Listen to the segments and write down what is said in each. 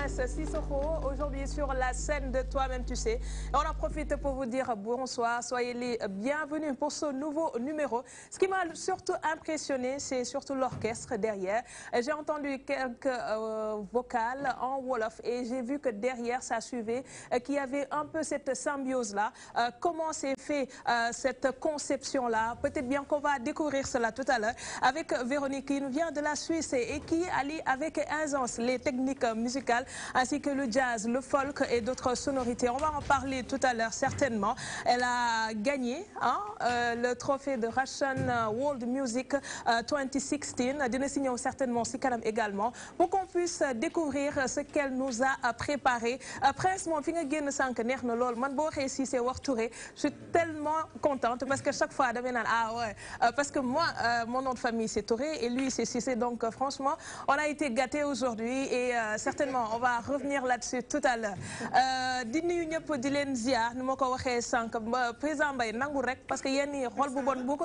Prince Sissoko, aujourd'hui sur la scène de Toi-même, tu sais. On en profite pour vous dire bonsoir, soyez les bienvenus pour ce nouveau numéro. Ce qui m'a surtout impressionné, c'est surtout l'orchestre derrière. J'ai entendu quelques... Euh, vocal en Wolof. Et j'ai vu que derrière, ça suivait, euh, qu'il y avait un peu cette symbiose-là. Euh, comment s'est fait euh, cette conception-là Peut-être bien qu'on va découvrir cela tout à l'heure avec Véronique qui nous vient de la Suisse et qui allie avec aisance les techniques musicales ainsi que le jazz, le folk et d'autres sonorités. On va en parler tout à l'heure certainement. Elle a gagné hein, le trophée de Russian World Music 2016, 2016. signé certainement si également pour qu'on puisse découvrir ce qu'elle nous a préparé euh, Prince mon fi nga génn sànq neex lool man boo waxee Cissé wax je suis tellement contente parce que chaque fois damay naan ah ouais euh, parce que moi euh, mon nom de famille c'est Touré et lui c'est Cissé donc franchement on a été gâtés aujourd'hui et certainement on va revenir là-dessus tout à l'heure di nuyu ñëpp di nous ziar ni ma ko waxee sànq président rek parce que yéen ñii xool bu bon boo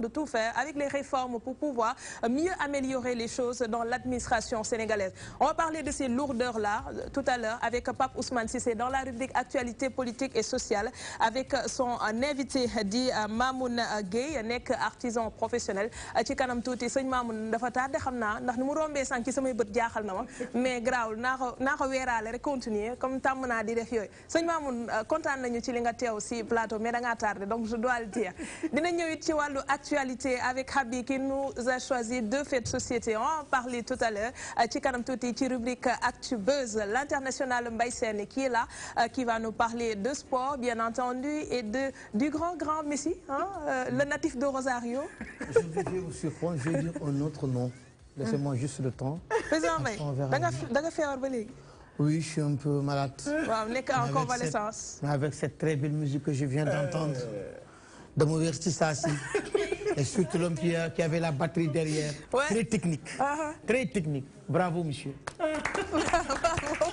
de tout faire avec les réformes pour pouvoir mieux améliorer les choses dans l'administration sénégalaise. On va parler de ces lourdeurs-là euh, tout à l'heure avec Pape Ousmane Sissé dans la rubrique Actualité politique et sociale avec euh, son euh, invité dit Mamoun Gaye, nekk artisan professionnel ci kanam tuuti Seigne Mamoun dafa tardé xam naa ndax ni mu rombee sànq ci samay bët jaaxal na ma mais garaawul naa ko naa rek continuer comme tàmm naa di def yooyu sëñ Mamoun kontaan nañu ci li nga teew si plateau mais da ngaa tardé donc je dois le dire dina ñëw it ci wàllu actualité avec Habi qui nous a choisi deux faits de société. On en parlait tout à l'heure. Tchikanam euh, Touti, qui rubrique Actu l'international Mbaïsène qui est là, euh, qui va nous parler de sport, bien entendu, et de, du grand, grand Messi, hein, euh, le natif de Rosario. Je vais je vais dire un autre nom. Laissez-moi juste le temps. Oui, je suis un peu malade. on en convalescence. avec cette très belle musique que je viens d'entendre de si ça si et surtout l'homme qui, avait la batterie derrière. Très technique. Ah, ah. Très technique. Bravo, monsieur. Bravo.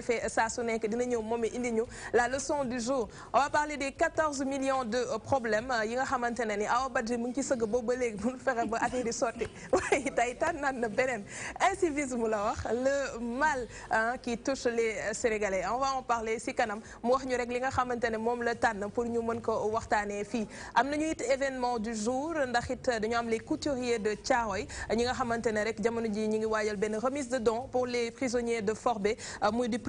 defee saa su nekk dina ñëw moom indi ñu la leçon du jour on va parler des 14 millions de euh, problèmes euh, yi nga xamante ne ni Awa Badji mu ngi ci sëgg boobu ba léegi mu fexe ba affaire yi sotti waaye tey tànnaat na beneen incivisme la wax le mal hein, qui touche les Sénégalais on va en parler si kanam mu wax ñu rek li nga xamante ne moom la tànn pour ñu mën ko waxtaanee fii am nañu it événement du jour ndax it dañu am les couturiers de Thiaroye ñi nga xamante ne rek jamono ji ñu ngi waajal Ben remise de dons pour les prisonniers de Forbé euh, muy du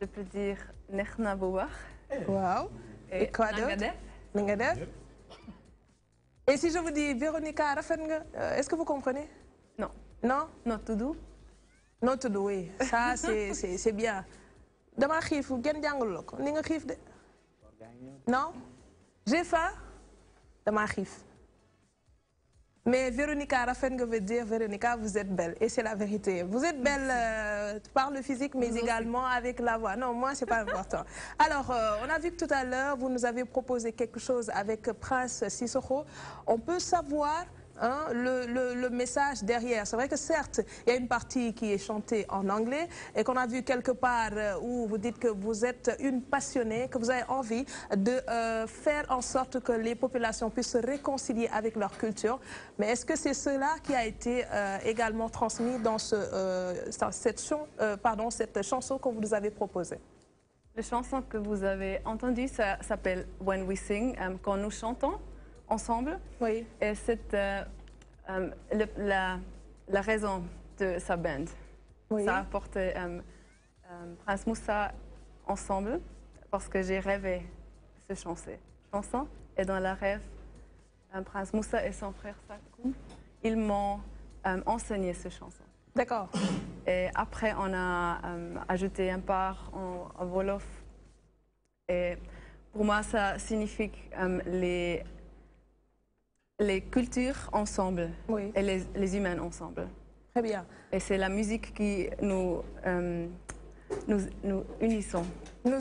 Je peux dire Nechna Bouar. Eh. Wow. Et quoi d'autre Nangadef. Et si je vous dis Véronica Rafenga, euh, est-ce que vous comprenez Non. Non Not to do Not to do, oui. Ça, c'est bien. Dama xif, gen jangul ko. Ni nga xif de? Non J'ai faim. Dama xif. Mais Véronica Rafeng veut dire, Véronica, vous êtes belle. Et c'est la vérité. Vous êtes belle euh, par le physique, mais également avec la voix. Non, moi, ce n'est pas important. Alors, euh, on a vu que tout à l'heure, vous nous avez proposé quelque chose avec Prince Sissoko. On peut savoir Hein, le, message derrière. C'est vrai que certes, il y a une partie qui est chantée en anglais et qu'on a vu quelque part euh, où vous dites que vous êtes une passionnée, que vous avez envie de euh, faire en sorte que les populations puissent se réconcilier avec leur culture. Mais est-ce que c'est cela qui a été euh, également transmis dans cette, chanson que vous nous avez proposée La chanson que vous avez entendue s'appelle When We Sing, quand nous chantons ensemble. Oui. Et c'est euh, euh, la, la raison de sa band. Ça a apporté euh, Prince Moussa ensemble parce que j'ai rêvé ce chanson. chanson. Et dans la rêve, Prince Moussa et son frère Sakou, ils m'ont enseigné ce chanson. D'accord. Et après, on a ajouté un part en, Wolof. Et pour moi, ça signifie les les cultures ensemble et les, les, humains ensemble. Très bien. Et c'est la musique qui nous, euh, nous, nous, unissons. Nous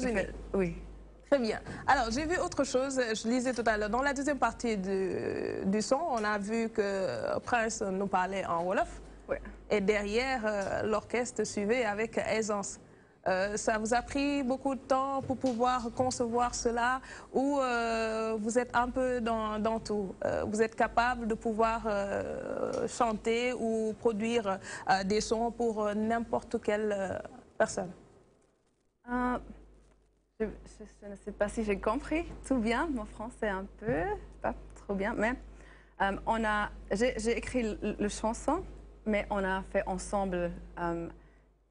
Oui. Très bien. Alors, j'ai vu autre chose, je lisais tout à l'heure. Dans la deuxième partie du, du, son, on a vu que Prince nous parlait en Wolof. Oui. Et derrière, euh, l'orchestre suivait avec aisance. Euh, ça vous a pris beaucoup de temps pour pouvoir concevoir cela ou euh, vous êtes un peu dans, tout euh, Vous êtes capable de pouvoir chanter ou produire des sons pour n'importe quelle personne je, ne sais pas si j'ai compris tout bien. Mon français un peu, pas trop bien, mais on a, j'ai écrit le, le, chanson, mais on a fait ensemble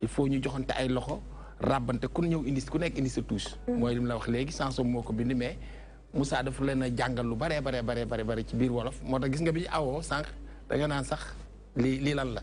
il faut ñu joxante ay loxo ràbbante ku ñëw indi ku nekk indi sa touche. Mm. mooy li mu la wax léegi chanson moo ko bind mais Moussa dafa leen a jàngal lu baree baree baree bare ci biir wolof moo tax gis nga bi ñu awoo sànq danga nga naan sax lii lii lan la.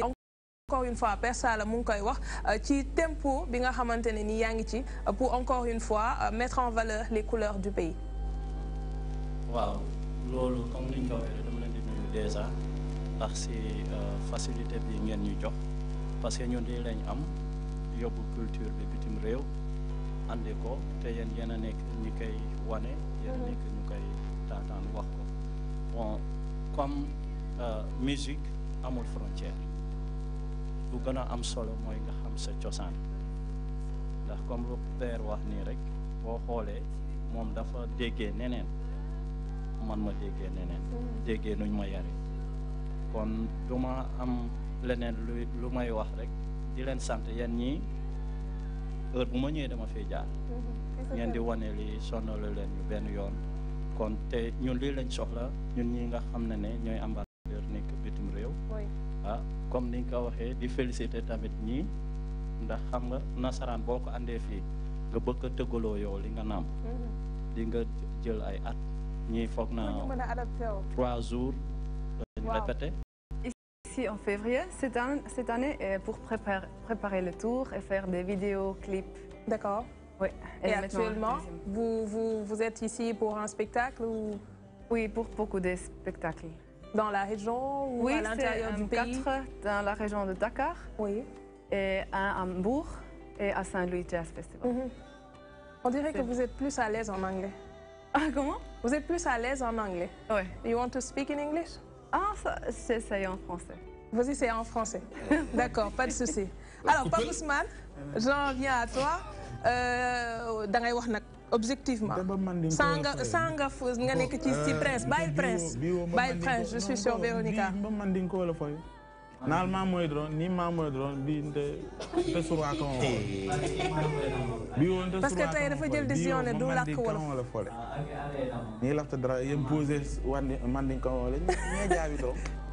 encore une fois persa la mu ngi koy wax euh, ci tempo bi nga xamantene ni yaangi ci euh, pour encore une fois euh, mettre en valeur les couleurs du pays. waaw loolu comme ni ñu ko waxee dama leen di nuyu déjà ndax si facilité bi ngeen ñu jox parce que ñun di lañ am yóbbu culture bi bitim réew andé ko té yéen yéen a ñi koy wane yéen a mm-hmm. ñu kay taataan wax ko bon comme musique amul frontière. bu gën a am solo mooy nga xam sa cosaan ndax comme lu père wax nii rek boo xoolee moom dafa déggee neneen man ma déggee neneen déggee nuñ ma yare kon du ma am leneen lu lu may wax rek di leen sant yeen ñii heure bu ma ñëwee dama fiy jaar mm-hmm. ngeen di wane li sonnalu leen ñu benn yoon kon te ñun lii lañ soxla ñun ñi nga xam na ne ñooy ambassadeur nekk bitim réew ah comme ni nga ko waxee di félicité tamit ñii ndax xam nga nasaraan boo ko àndee fii nga bëgg a tëggaloo yow li nga nàmp mm-hmm. di nga jël ay at ñii foog naa trois jours dañu répété ici en février cette année, cette année pour préparer, préparer le tour et faire des vidéoclips. D'accord. Oui. Et, et actuellement, vous, vous, vous êtes ici pour un spectacle ou Oui, pour beaucoup de spectacles. Dans la région ou à l'intérieur du pays dans la région de Dakar. Oui. Et à Hambourg et à Saint-Louis Jazz Festival. Mhm. On dirait que vous êtes plus à l'aise en anglais. Ah, comment Vous êtes plus à l'aise en anglais. Oui. You want to speak in English Ah, c'est en français. Vas-y, c'est en français. D'accord, pas de souci. Alors, Paul j'en viens à toi. Euh, objectivement sans nga sans nga nekk ci ci prince bàyyil prince bàyyil prince je sur Véronica mba mandin ko wala naal maa mooy nii maa mooy bii te te woon te parce que tey dafa jël décision ne du làkk wala fole nii lafta dara yem posé wandi mandin ñee jaabi doo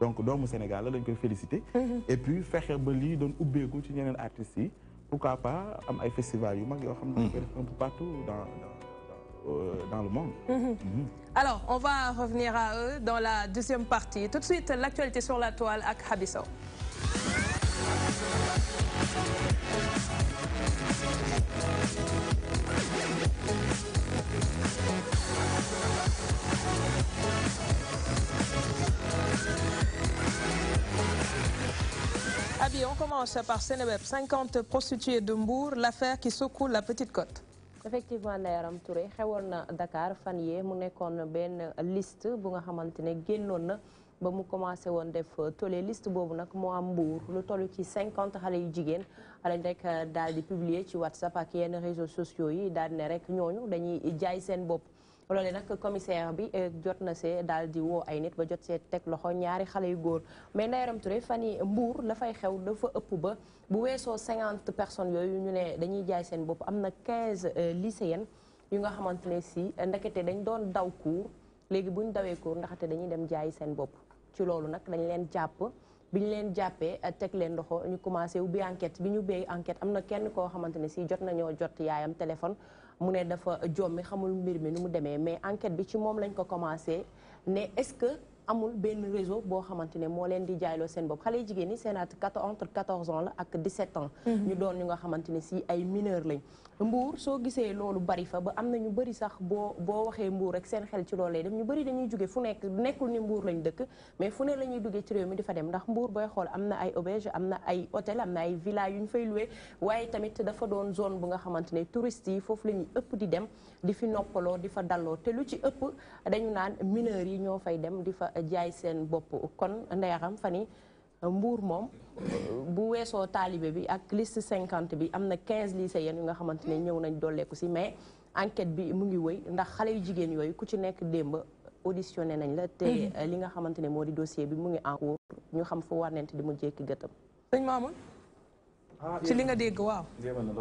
donc doomu Sénégal on peut féliciter mhm. et puis faire ba lii doon ubbeeku ci ñeneen artistes pourquoi pas am festival yu mag mhm. un peu partout dans dans euh, le monde. Mhm. Alors, on va revenir à eux dans la deuxième partie. Tout de suite, l'actualité sur la toile avec Habisso. Rabi, on commence par Sénéweb. 50 prostituées de Mbour, l'affaire qui secoue la petite côte. effectivement Ndeye Touré xewoon na Dakar fan yee mu liste bu nga xamante ne génnoon na ba mu commencé woon def tolee liste boobu nag moo am mbuur lu toll ci cinquante xale yu jigéen lañ rek daal di publier ci WhatsApp ak yenn réseaux sociaux yi daal di ne rek ñooñu dañuy jaay seen bopp loole nag commissaire bi eh, jot na see daal di woo ay nit ba jot see teg loxo ñaari xale yu góor mais Ndeye Arame Touré fan yi mbuur la xew dafa ëpp ba bu weesoo cinquante personnes yooyu ñu ne dañuy jaay seen bopp am na quinze eh, lycéennes yu nga xamante ne si eh, ndekete dañ doon daw cours léegi bu ñu dawee cours ndaxte dañuy dem jaayi seen bopp ci loolu nag dañ leen jàpp bi ñu leen jàppee teg leen loxo ñu commencé ubbi enquête bi ñu béy enquête am na kenn koo xamante ne si jot nañoo jot yaayam téléphone mu ne dafa jommi xamul mbir mi nu mu demee mais enquête bi ci moom lañ ko commencé ne est-ce que amul benn réseau boo xamante ne moo leen di jaayloo seen bopp xale jigéen ñi seen at entre 14 ans la ak 17 ans. Mhm. ñu doon ñu nga xamante ne si ay mineurs lañ. mbuur soo gisee loolu bari fa ba am na ñu bari sax boo boo waxee mbuur rek seen xel ci loolu lay dem ñu bari dañuy jóge fu nekk nekkul ni mbuur lañ dëkk mais fu ne la ñuy duggee ci réew mi di fa dem ndax mbuur booy xool am na ay auberge am na ay hôtel am na ay villa yu ñu fay luwee waaye tamit dafa doon zone bu nga xamante ne touristes yi foofu la ñuy ëpp di dem di fi noppaloo di fa dalloo te lu ci ëpp dañu naan mineurs yi ñoo fay dem di fa jaay seen bopp kon ndeyaxam fan yi Euh, Mbour moom euh, bu weesoo taalibe bi ak liste cinquante bi am na quinze lycéennes yu nga xamante ne ñëw nañ dolleeku si mais enquête bi mu ngi wëy ndax xale yu jigéen yooyu ku ci nekk démb auditionné nañ la te mhm. euh, li nga xamante ne moo di dossier bi mu ngi en cours ñu xam fu warnent di mu jékki gëtëm sëñ Mamoun ci ah, li nga dégg waaw jéema na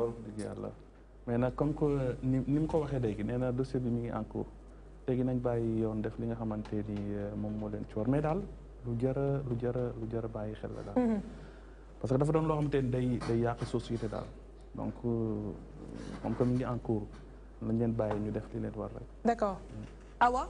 mais nag comme que ni ni ko waxee léegi nee na bi mu ngi en cours nañ bàyyi yoon def li nga xamante ni moom moo leen ci war daal lu jar a lu jar a lu jar mhm. parce que dafa doon loo xamante ni day day yàq société daal donc euh, comme que mu ngi en cours lañ leen bàyyi ñu def li leen war rek. d'accord mhm. Awa.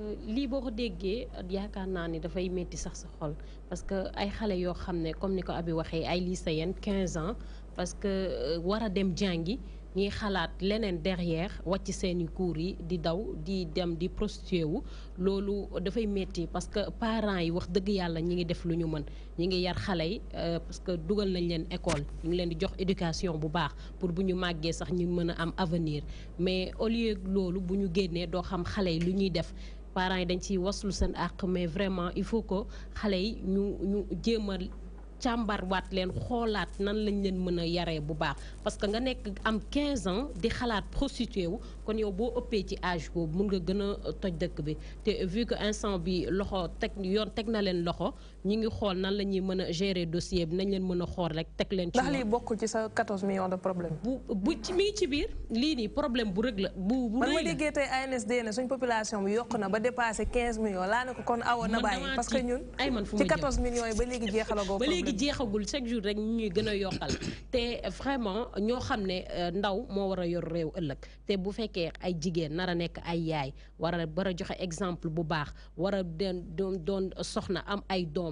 Euh, lii boo ko déggee yaakaar naa ni dafay métti sax sa xol parce que ay xale yoo xam ne comme ni ko Abi waxee ay lycéennes 15 ans parce que euh, war a dem jàngi ni xalaat leneen derrière wàcc seen cour yi di daw di dem di prostitué wu loolu dafay métti parce que parents yi wax dëgg yàlla ñi ngi def lu ñu mën ñi ngi yar xale yi euh, parce que dugal nañ leen école ñu ngi leen di jox éducation bu baax pour bu ñu màggee sax ñu mën a am avenir mais au lieu loolu bu ñu génnee doo xam xale yi lu ñuy def parents yi dañ ciy waslu seen àq mais vraiment il faut que xale yi ñu ñu jéem wat len xoolaat nan lañ len meuna a bu baax parce que nga nek am 15 ans di xalaat prostitué wu kon yow bo ëppee ci âge bob mun nga gëna toj dëkk bi té vu que instant bi loxo tek yon tek na len loxo ñi ngi xool nan la ñuy mën a gérer dossier bi nañ leen mën a xool rek teg leen. ci ndax lii bokkul ci sa 14 millions de problème. bu bu ci mi ci biir lii nii problème bu rëg la bu bu man ma déggee tey ANSD ne suñ population bi yokk na ba dépassé 15 millions laa ne ko kon awo na bàyyi. parce que ñun ay man fu ci 14 millions yi ba léegi jeexalagoo. ba léegi jeexagul chaque jour rek ñuy gën a yokkal te vraiment ñoo xam ne euh, ndaw moo war a yor réew ëllëg te bu fekkee ay jigéen nar a nekk ay yaay war a war a joxe exemple bu baax war a doon doon soxna am ay doom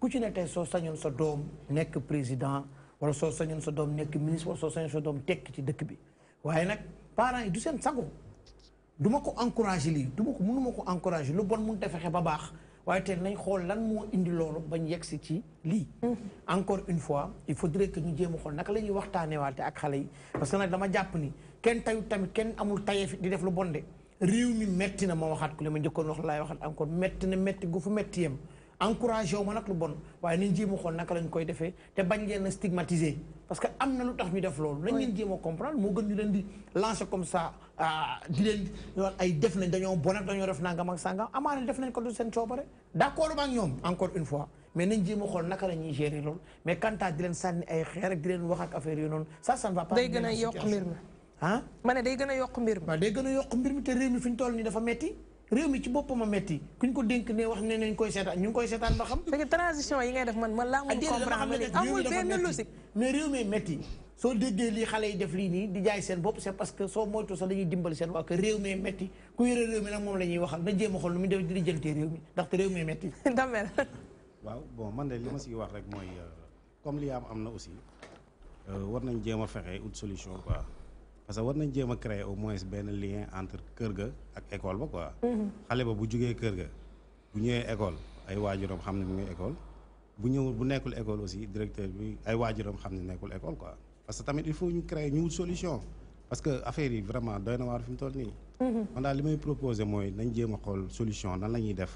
ku ci ne tey soo sañoon sa doom nekk président wala soo sañoon sa doom nekk ministre wala soo sañoon sa doom tekki ci dëkk bi waaye nag parents yi du seen sago du ma ko encouragé lii du ma ko mënu ko encouragé lu bon mun te fexe ba baax waaye tey nañ xool lan moo indi loolu bañ yegsi ci lii mm-hmm. encore une fois il faudrait que ñu jéem a xool naka la ñuy waate ak xale yi parce que nag dama jàpp ni kenn tayut tamit kenn amul tayeef di def lu bonde réew mi metti na ma waxaat ku li ma njëkkoon wax laay waxaat encore metti na metti gu fu metti encouragé wu ma nag lu bon waaye nañ jéem a xool naka lañ koy defee te bañ leen a stigmatiser parce que am na lu tax ñu def loolu. nañ leen jéem a comprendre moo gën leen di lancer comme ça euh, di leen ay def nañ dañoo bon ak dañoo def nangam ak sangam amaana def nañ ko du seen coobare. d' accord ak ñoom a di leen sànni ay xeer di leen wax ak affaire noonu ça ça va pas. day gën a yokk mbir mi ah. ma ne day gën a yokk mbir mi. waaw day gën a yokk mbir mi te réew mi fi ñu toll nii dafa metti réew mi ci boppam a metti kuñ ko dénk ne wax ne nañ koy seetaan ñu ngi koy seetaan ba xam. parce que transition yi ngay def man man laa ah, mun comprendre amul benn logique mais réew mi metti soo déggee lii xale yi def lii nii di jaay seen bopp c'est parce que soo moytu sax dañuy dimbali seen waa que réew mi metti ku yore réew mi nag moom la ñuy waxal na jéem a xool nu mu def di jëltee réew mi ndaxte réew mi metti damel waaw bon man de li ma siy wax rek mooy euh, comme li am am na aussi euh, war nañ jéem a fexe ut solution quoi parce que war nañ jéem a créer au moins benn lien entre kër ga ak école ba quoi. xale ba bu jugee kër ga bu ñëwee école ay waajuram xam ne mu ngi école bu ñëw bu nekkul école aussi directeur bi ay waajuram xam ne nekkul école quoi parce que tamit il faut ñu créer ñu solution parce que affaire yi vraiment doy na waar fi mu toll nii. man daal li may proposer mooy nañ jéem a xool solution nan la ñuy def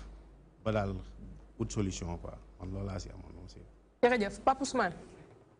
ba daal wut solution quoi man loolu laa si amoon aussi. jërëjëf Pape Ousmane.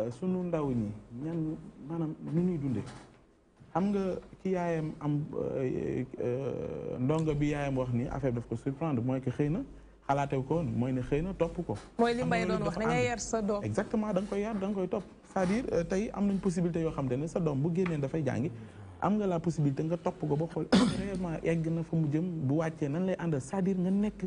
Euh, sunu ndaw ñi ñan maanaam nu ñuy dunde am nga ki yaayam am euh, euh, ndongo bi yaayam wax ni affaire daf ko surprendre mooy que xëy na xalaatee ko mooy ne xëy na topp ko. mooy li mbay doon wax da ngay yar sa doom. exactement da nga koy yar da koy topp cest à tey am nañ possibilité yoo xam te ne sa doom bu génnee dafay jàngi am nga la possibilité nga topp ko ba xool réellement egg na fa mu jëm bu wàccee nañ lay àndal cest nga nekk.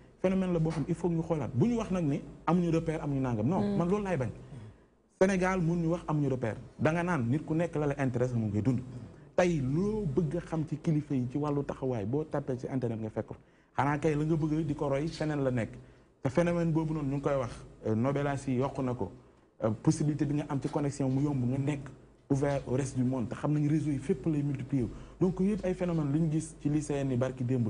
phénomène la boo xam il faut ñu xoolaat bu ñu wax nag ni ñu amuñu am ñu nàngam no mm. man loolu laay bañ. Sénégal mu ñu wax amuñu repère da nga naan nit ku nekk la la intéresse mu ngi dund. tey loo bëgg xam ci kilifa yi ci wàllu taxawaay boo tapé ci internet nga fekk ko xanaa kay la nga bëgg di ko roy seneen la nekk. te phénomène boobu noonu ñu ngi koy wax euh, Nobelas yi yokku na ko euh, possibilité bi nga am ci connexion mu yomb nga nekk ouvert au reste du monde xam nañu réseau yi fépp lay multiplier donc yëpp ay phénomène lu ñu gis ci lycéen yi barki démb.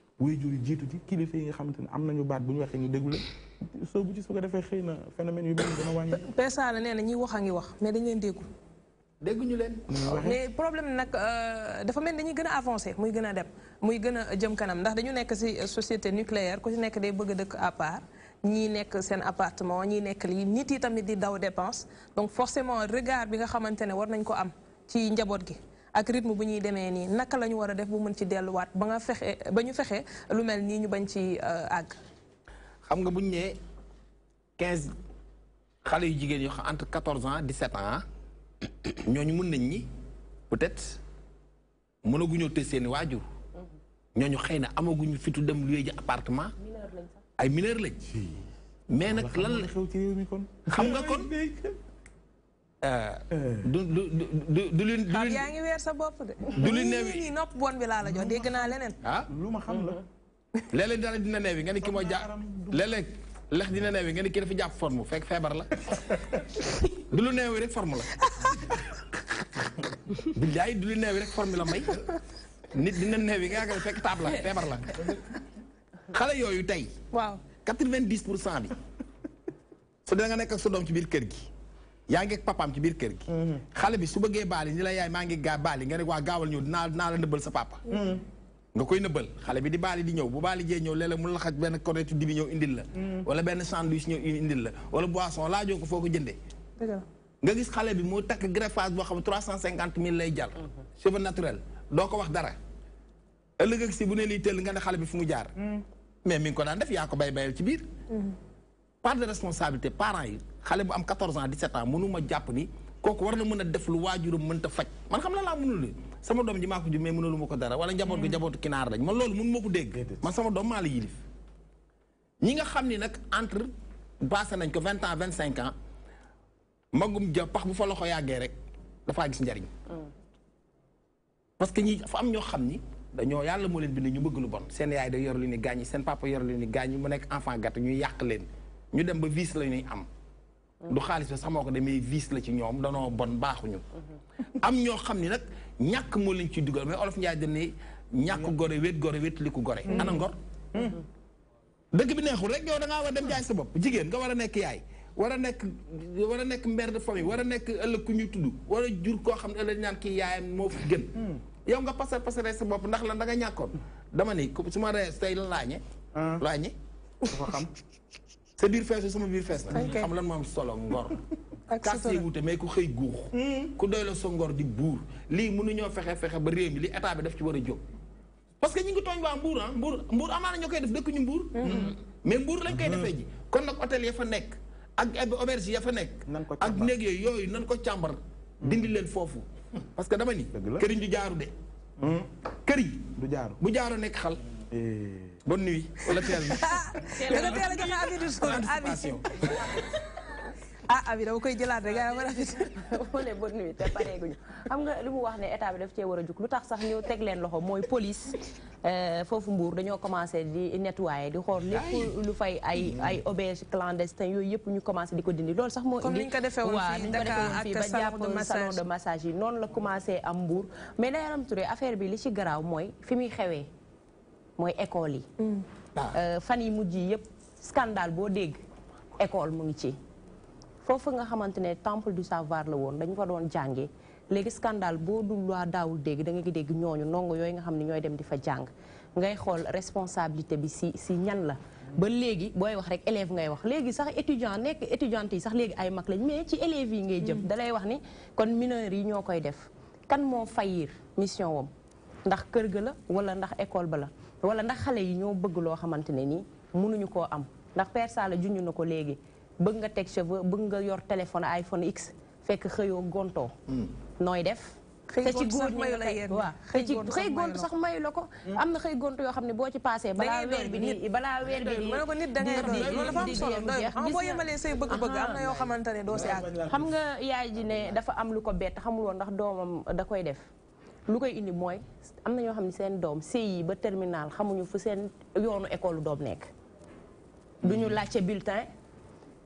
wuy jur yi jiitu ci kilifa yi nga xamante ne am nañu baat bu ñu waxee ñu déglu leen soo bu ci su ko defee xëy na phénomène yu bëri dana wàññi. wax a ngi wax mais dañu leen déggul. dégguñu leen. mais problème nag euh, dafa mel dañuy gën a avancé muy gën a dem muy gën a jëm kanam ndax dañu nekk ci société nucléaire ku ci nekk day bëgg a dëkk à part nekk seen appartement ñii nekk lii nit yi tamit di daw dépense donc forcément regard bi nga xamante ne war nañ ko am ci njaboot gi ak rythme bu ñuy demee nii naka la ñu war a def bu mën ci delluwaat ba nga fexe ba ñu fexe lu mel nii ñu bañ ci euh, àgg. xam nga bu ñu nee quinze xale yu jigéen yoo xam entre quatorze ans dix-sept ans ñooñu mun nañ ñi peut-être mënaguñoo tëj seeni waajur. Mhm. ñooñu xëy na amaguñu fitu dem luy ji appartement. ay mineur lañ. mais nag lan la xew ci réew mi kon. Euh, euh. du du du du yaa ngi weer sa bopp de. du lu neew nopp bon bi laa la jox dégg naa leneen. ah lu ma xam la. léeg-léeg dara dina neew yi nga ni ki moo jàpp léeg-léeg lex dina neew yi nga ni ki dafa jàpp forme fekk feebar la du lu neew yi rek forme la. billaay du lu neew yi rek forme la may nit dina neew yi nga yaakaar fekk taab la feebar la xale yooyu tey. waaw quatre-vingt-dix pour cent bi. su dee nga nekk ak sa doom ci biir kër gi. yaa ngi ak papaam ci biir kër gi mhm. xale bi su bëggee baali ni la yaay maa ngi gaa baali nga ne waa gaawal ñëw dinaa dinaa la nëbbal sa papa mhm. nga koy nëbbal xale bi di baali di ñëw bu baali jee ñëw léeg-léeg mun la xaj benn konetu dibi ñëw indil la mhm. wala benn sandwich ñëw indil la wala boisson laajoo ko foo ko jëndee nga gis xale bi moo takk greffage boo xam ne trois cent cinquante mille lay jar cheveux naturel doo ko wax dara ëllëg ak si bu ne lii tëll nga bi fu mu jaar mais mi ko daan ko bay bayal ci biir part de responsabilité parents yi xale bu am 14 ans 17 ans mënuma jàpp ni kooku war na mën a def lu waajuram mënta faj man xam na laa mënul sama doom ji maa ko jur mais mënulu ma ko dara wala njaboot gi mm. njabootu kinaar lañ man loolu mënu ma ko dégg man sama doom maa la yilif ñi nga xam ni nag entre baase nañ ko vingt ans vingt cinq ans magum ja pax bu fa loxo yàggee rek dafaa gis njariñ mm. parce que ñi dafa am ñoo xam ni dañoo yàlla moo leen bind ñu bëgg lu bon seen yaay day yor lu nekk enfant gâté ñuy yàq leen ñu dem ba vice la am. du xaalis ba sax moo ko demee vice la ci ñoom danoo bon baaxuñu. am ñoo xam ni nag ñàkk moo lañ ciy dugal mais olof Ndiaye dañ ne ñàkk gore wét gore wét li ko gore. Mm. ana ngor. Mm. dëkk bi neexul rek yow da ngaa war dem jaay sa bopp jigéen nga war a nekk yaay. war a nekk war nekk mère de famille war a nekk ëllëg ku ñu tudd war a jur koo xam ne ëllëg ñaan kii yaayam moo gën. Mm. yow nga pasar pasare sa bopp ndax lan da nga ñàkkoon. dama ni su ma ree tey laañe. Ah. laañe dafa xam. sa biir feesu sama biir fees na xam lan moom solo ngor kaas yi wute mais ku xëy guux hmm. ku doy la sa ngor di buur lii ñoo fexe fexe ba réew mi li état bi def ci war a jóg parce que ñu ngi tooñ waa mbuur ah mbuur mbuur amaana ñoo koy def dëkk ñu mbuur hmm. hmm. mais mbuur lañ koy defee ji kon nag hôtel ya fa nekk ak auberge ya fa nekk ak néeg yooyu yooyu nan ko càmbar dindi leen foofu parce que dama ni këriñ du jaaru de kër yi du jaaru bu jaaru nekk xal Eh. bonne nuit. wala teel na da nga a joxe ah, koy jëlaat rek yaa ma rafet. moo ne bonne nuit xam nga li mu wax ne état bi daf cee war a jug lu tax sax ñu teg leen loxo mooy police. Euh, foofu Mbour dañoo commencé di nettoyer di xool lépp lu fay ay ay auberge clandestin yooyu yëpp ñu commencé di ko dindi lool sax moo indi. comme ni ñu ko defee yi noonu la commencé am Mbour mais Ndeye Arame Touré affaire bi li ci garaaw mooy fi muy xewee. mooy école yi. Mm. Euh, fan yi mujj yi yëpp scandale boo dégg école mu ngi ci. foofu nga xamante ne temple du savoir la woon dañu fa doon jànge léegi scandale boo dul waa daawul dégg da nga ngi dégg ñooñu ndongo yooyu nga xam ne ñooy dem di fa jàng ngay xool responsabilité bi si si ñan la. ba léegi booy wax rek élève ngay wax léegi sax étudiant nekk étudiante yi sax léegi ay mag lañ mais ci élève yi ngay jëm. Mm. da lay wax ni kon mineurs yi ñoo koy def. kan moo fayir mission wam wala ndax xale yi ñoo bëgg loo xamante ne nii mënuñu koo am ndax Père Sala junj na ko léegi bëgg nga teg cheveux bëgg nga yor téléphone iPhone X fekk xëyoo gontoo hmm. nooy def te ci góor ñi waaw te ci xëy gont sax mayu la ko hmm. am na xëy gont yoo xam ne boo ci passé balaa weer bi nii balaa weer bi nii mën ko nit da ngay dafa am say bëgg yoo xamante ne doo si àgg xam nga yaay ji ne dafa am lu ko bett xamul woon ndax doomam da koy def lu koy indi mooy am na ñoo xam ne seen doom CI ba terminal xamuñu fu seen yoonu école doom nekk du ñu mm. laajte bulletin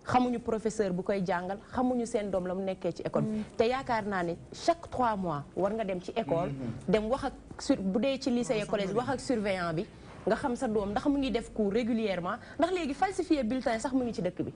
xamuñu professeur bu koy jàngal xamuñu seen doom la mu nekkee ci école bi mm. te yaakaar naa ne chaque trois mois war nga dem ci école mm-hmm. dem wax ak sur bu dee ci lycée collège wax ak surveillant bi nga xam sa doom ndax mu ngi def cours régulièrement ndax léegi falsifier bulletin sax mu ngi ci dëkk bi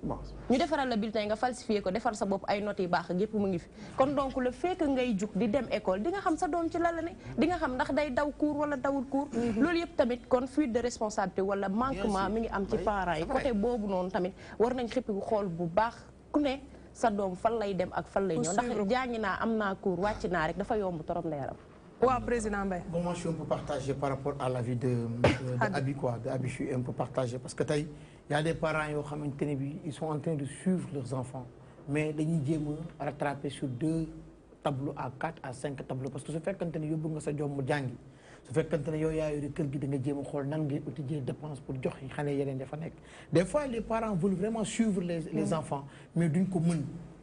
ñu defaral la bulletin nga falsifier ko defar sa bopp ay notes yi baax ak yépp mu ngi fi kon donc le fait ngay jug di dem école di nga xam sa doom ci la la ne di nga xam ndax day daw cours wala dawul cours mhm. loolu yëpp tamit kon fuite de responsabilité wala manquement mi ngi am ci parent yi côté boobu noonu tamit war nañ xippi xool bu baax ku ne sa doom fan lay dem ak fan lay ñëw ndax naa am naa cours wàcc naa rek dafa yomb torop la yaram président Mbaye. bon moi je suis un peu partagé par rapport à l'avis de. Euh, de Abi quoi de Abi je suis un peu partagé parce que il y a des parents qui ils sont en train de suivre leurs enfants mais dañuy jéem a rattraper sur deux tableaux à quatre à cinq tableaux parce que su fait ne yóbbu nga sa doom mu jàngi su fekkante ne yo ya yore keur gi da nga jéem xol nan ngay utiliser dépenses pour jox xane yeneen defa nek des fois les parents veulent vraiment suivre les les mm. enfants mais d'une commune.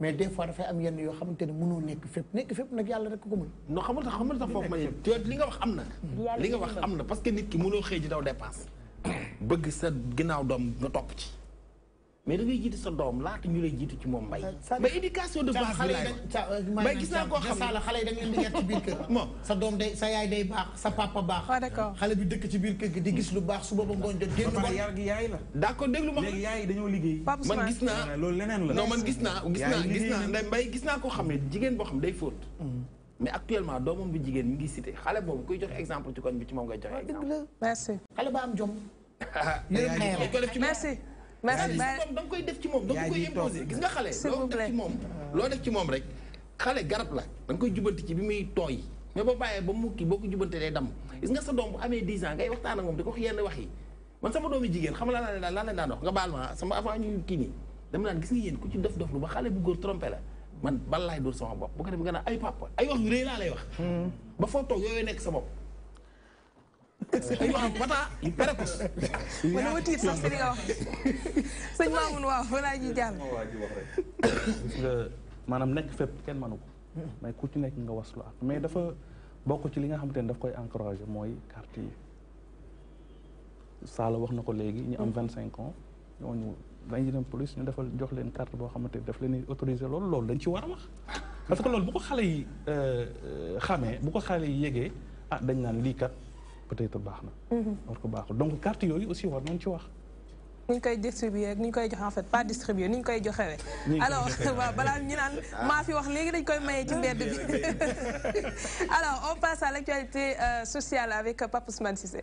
mais des fois dafay am yenn yoo xamante ne mënoo nekk fépp nekk fépp nag yàlla rek ko mën. non xamal tax xamal tax foofu ma li nga wax am na. li nga wax am na parce que nit ki mënoo xëy di daw dépense. bëgg sa ginnaaw doom nga topp ci. mais da ngay jiitu doom laata ñu lay jiitu ci euh, euh, gis naa koo xam ne xale yi dañ leen di yar ci biir kër. bon ah, bi dëkk ci biir kër gi di gis lu baax suba ba ngoon jot. génn ba yar gi yaay la. liggéey. man gis naa loolu leneen la. non man gis naa gis naa koo xam ne jigéen boo xam day fóot. Mm. mais actuellement doomam bu jigéen mi ngi cité xale boobu kuy joxe exemple ci koñ bi ci moom ngay joxe ah, exemple. merci. xale ba am jom. merci. merci moom koy def ci moom da nga koy imposer gis nga xale loo def ci moom loo def ci moom rek xale garab la da nga koy jubanti ci bi muy tooy mais boo bàyyee ba mu kii boo ko jubante day damm gis nga wax yenn wax yi man sama doomu jigéen xam la lan lan la daan wax nga baal ma ku ci def dof lu ba xale bu góor trompé la man bal dóor sama bopp bu ko defee nga naan ay papa ay wax yu rëy laa lay wax hmm. ba foo toog yooyu nekk sa bopp yu am wata yu précoce. nga wax sëñ nekk fépp kenn mënu ko. mais ku nekk nga waslu ak mais dafa bokk ci li nga xamante ne daf koy encouragé mooy quartier yi. wax na ko léegi ñu am vingt cinq ans ñooñu dañuy dem police ñu defal jox leen carte boo xamante ne daf leen autorisé loolu loolu dañ ci war a wax. parce que lool bu ko xale yi euh, euh, xamee bu ko xale yi yégee ah dañ naan lii kat. peut-être baax na. Mhm. war ko baaxul donc carte yooyu aussi war non ci wax. ni ñu koy distribuer ak ni ñu en fait pas distribuer ni ñu koy alors waaw balaa ñu ma maa fi wax léegi dañ koy maye ci mbedd bi. Ah, alors on passe à l'actualité euh, sociale avec Papa Ousmane Cissé.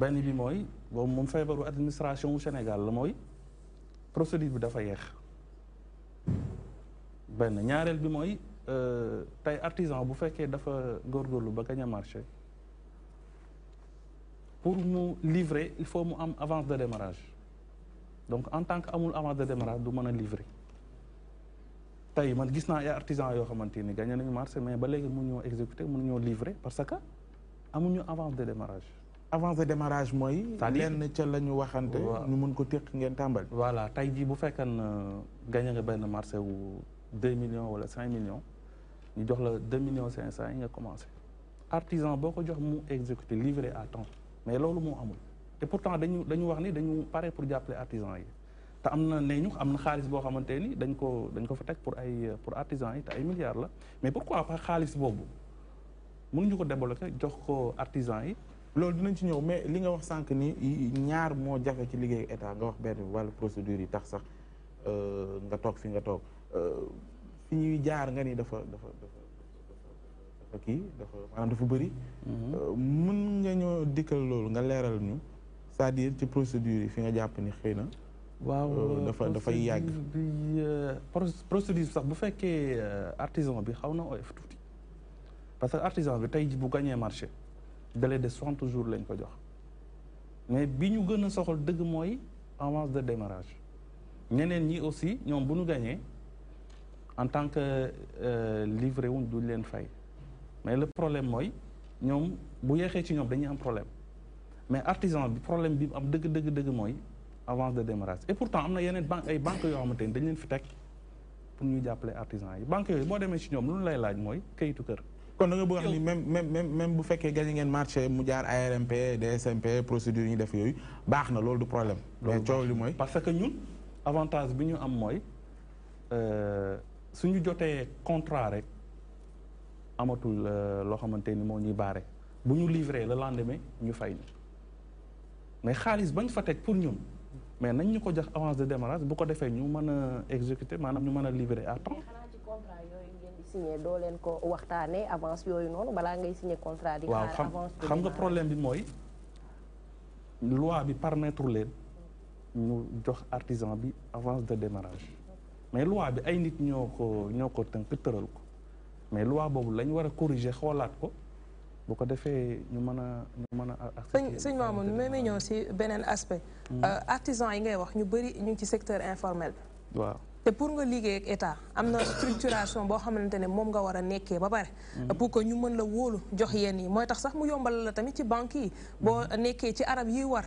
benn bi mooy boobu moom feebaru administration wu Sénégal la mooy procédure bi dafa yeex benn ñaareel bi mooy euh, tey artisan bu fekkee dafa góorgóorlu ba gañ a marché pour mu livrer il faut mu am avance de démarrage donc en tant que amul avance de démarrage du mën a livrer tey man gis naa ay artisan yoo xamante ni gañ nañu marché mais ba léegi mun ñoo exécuter mun ñoo livrer parce que amuñu avance de démarrage avant le démarrage mooy. lenn ca la ñu waxante. ñu mën ko téq ngeen tambal voilà tay ji bu fekkane ne gagné nga benn marché wu 2 millions wala 5 millions ñu jox la 2 millions 500 nga commencé. artisan boko jox mu exécuter livrer à temps mais lolu mo amul te pourtant dañu dañu wax ni dañu paré pour jàppale artisan yi ta amna néñu amna ñu bo xamanté ni dañ ko dañ ko fa teg pour ay pour artisan yi ta ay milliards la mais pourquoi pas xaalis boobu mënuñu ko débloqué jox ko artisan yi. loolu dinañ ci ñëw mais li nga wax sànq ni ñaar moo jafe ci liggéey état nga wax benn bi wàllu procédure yi tax sax euh, nga toog fi nga toog euh, fi ñuy jaar nga ni dafa dafa dafa dafa kii dafa maanaam bëri mën mhm. euh, nga ñoo dikkal loolu nga leeral ñu sa à ci procédure yi fi nga jàpp ni xëy na waaw dafa dafay yàgg bi procédure sax bu fekkee artisan bi xaw na oyof tuuti parce que artisan bi tey ji bu gañee marché délai de 60 jours lañ ko jox mais bi ñu gën soxal dëgg mooy avance de démarrage ñeneen ñi aussi ñoom bu ñu en tant que euh, livré wuñ duñ leen fay mais le problème mooy ñoom bu yeexee ci ñoom dañuy am problème mais artisan bi problème bi am dëgg dëgg dëgg mooy avance de démarrage et pourtant am na yeneen banque ay banques yoo xamante ni dañ leen fi teg pour ñuy jàppale artisan yi banque yooyu boo demee ci ñoom lu lay laaj mooy kayitu kër kon nga bëgg a ni même même même bu fekkee gagné ngeen marché eh, mu jaar ARMP DSMP procédure yi ñu def yooyu baax na loolu du problème. loolu coow li mooy. parce que ñun avantage bi ñu am mooy euh, suñu jotee contrat rek amatul euh, loo xamante ni moo ñuy baare bu ñu livré le lendemain ñu fay ñu mais xaalis bañ fa teg pour ñun mais nañ ñu ko jox avance de démarrage bu ko defee ñu mën a exécuter maanaam ñu mën a livrer à temps signé do len ko waxtaanee avance yoyu non bala ngay signé contrat. di xaar avance waaw xam nga problème bi moy loi bi permettre len ñu jox artisan bi avance de démarrage mais loi bi ay nit ñoko ñoko ñoo ko ko mais loi bobu lañ wara corriger xoolaat ko. bu ko defee ñu mën a ñu mën a. sëñ sëñ Mamoun même ñëw si beneen aspect. Hmm. Euh, artisan yi ngay wax ñu bëri ñu ngi ci secteur informel. waaw. te pour nga liggéey état am na structuration boo xamante ne moom nga war a nekkee ba pare. Mm-hmm. pour que ñu mën la wóolu jox yenn yi mooy tax sax mu yombal la tamit ci banque yi. boo mm-hmm. nekkee ci arab yi war.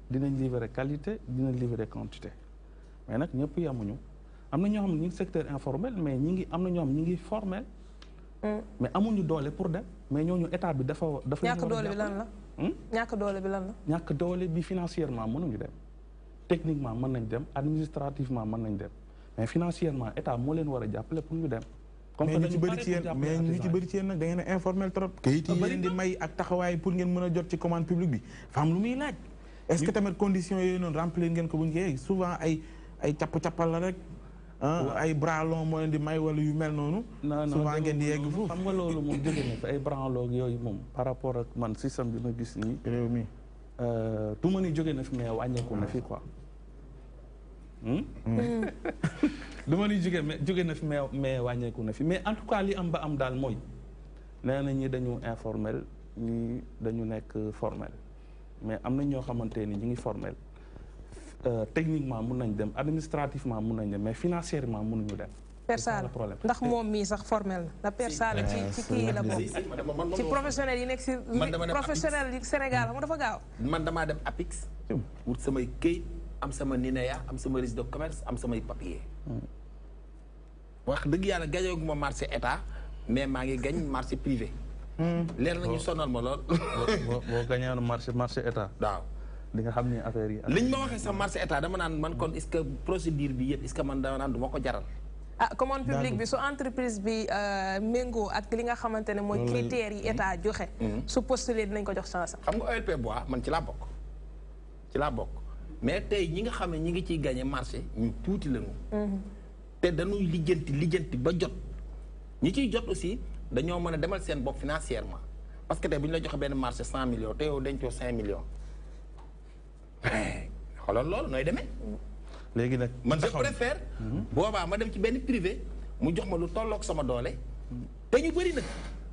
dinañ livrer qualité dinañ livrer quantité mais nag ñëpp yamuñu am na ñoo xam ne ñu ngi secteur informel mais ñi ngi am na ñoo xam ñi ngi formel mm. mais amuñu doole pour dem mais ñooñu état bi dafa dafa ñàkk doole bi lan la hmm? ñàkk doole lan ñàkk doole bi financièrement mënuñu dem techniquement mën nañ dem administrativement mën nañ dem mais financièrement état leen war a pour ñu dem mais ñu ci bëri ci da ngeen a informel yi may ak taxawaay pour ngeen mën a jot ci commande publique bi fa lu muy laaj est-ce que tamit condition yooyu noonu remplir ngeen ko bu ñu koy souvent ay ay capp-cappal la rek. Ah, ay bras long moo di may wala yu mel noonu. souvent ngeen di yegg foofu. xam nga loolu moom jóge na fi ay bras long yooyu moom. par rapport ak man système bi ma gis nii. réew mi. Euh, du ma ni jóge na fi mais wàññeeku na fi ah. quoi. Hmm? Hmm. du ma ni jóge mais na fi mais mais wàññeeku na fi mais en tout cas li am ba am daal mooy nee na ñi dañu informel ñi dañu nekk formel. mais am na ñoo xamante ni ñu ngi formel euh, techniquement mun nañ dem administrativement mun nañ dem mais financièrement mënuñu dem. persaal ndax moom mii sax formel la. la persaal ci ci kii la bokk professionnel yi nekk si. professionnel yi Sénégal xam dafa gaaw. man damaa dem APIX. wut samay këyit am sama NINEA am sama registre de commerce am samay papier. Hmm. wax dëgg yàlla gañeegu ma marché état mais maa ngi gañ marché privé. Hmm. leer nañu sonal ma lool. boo boo gañoon marché marché état. waaw li nga xam ne affaire yi. liñ ma waxee sax marché état dama naan man kon est-ce que procédure bi yëpp est-ce que man dama naan du anu, ma ko jaral. ah commande publique bi su entreprise bi eh, méngoo ak li nga xamante ne mooy critères yi état hmm. joxe. Hmm. su postuler dinañ ko jox chance. xam nga OLP bois man ci laa bokk ci laa bokk mais tey ñi nga xam ñi ngi ciy gagné marché ñu tuuti lañu. te dañuy lijjanti lijjanti ba jot ñi ciy jot aussi. dañoo mën a demal seen bopp financièrement parce que tey bu ñu la joxe benn marché cent millions te yow dencoo cinq millions eh, xoolal loolu nooy demee. léegi nag man je préfère. Mhm. boobaa ma dem ci benn privé mu jox ma lu tollook sama doole. te ñu bëri nag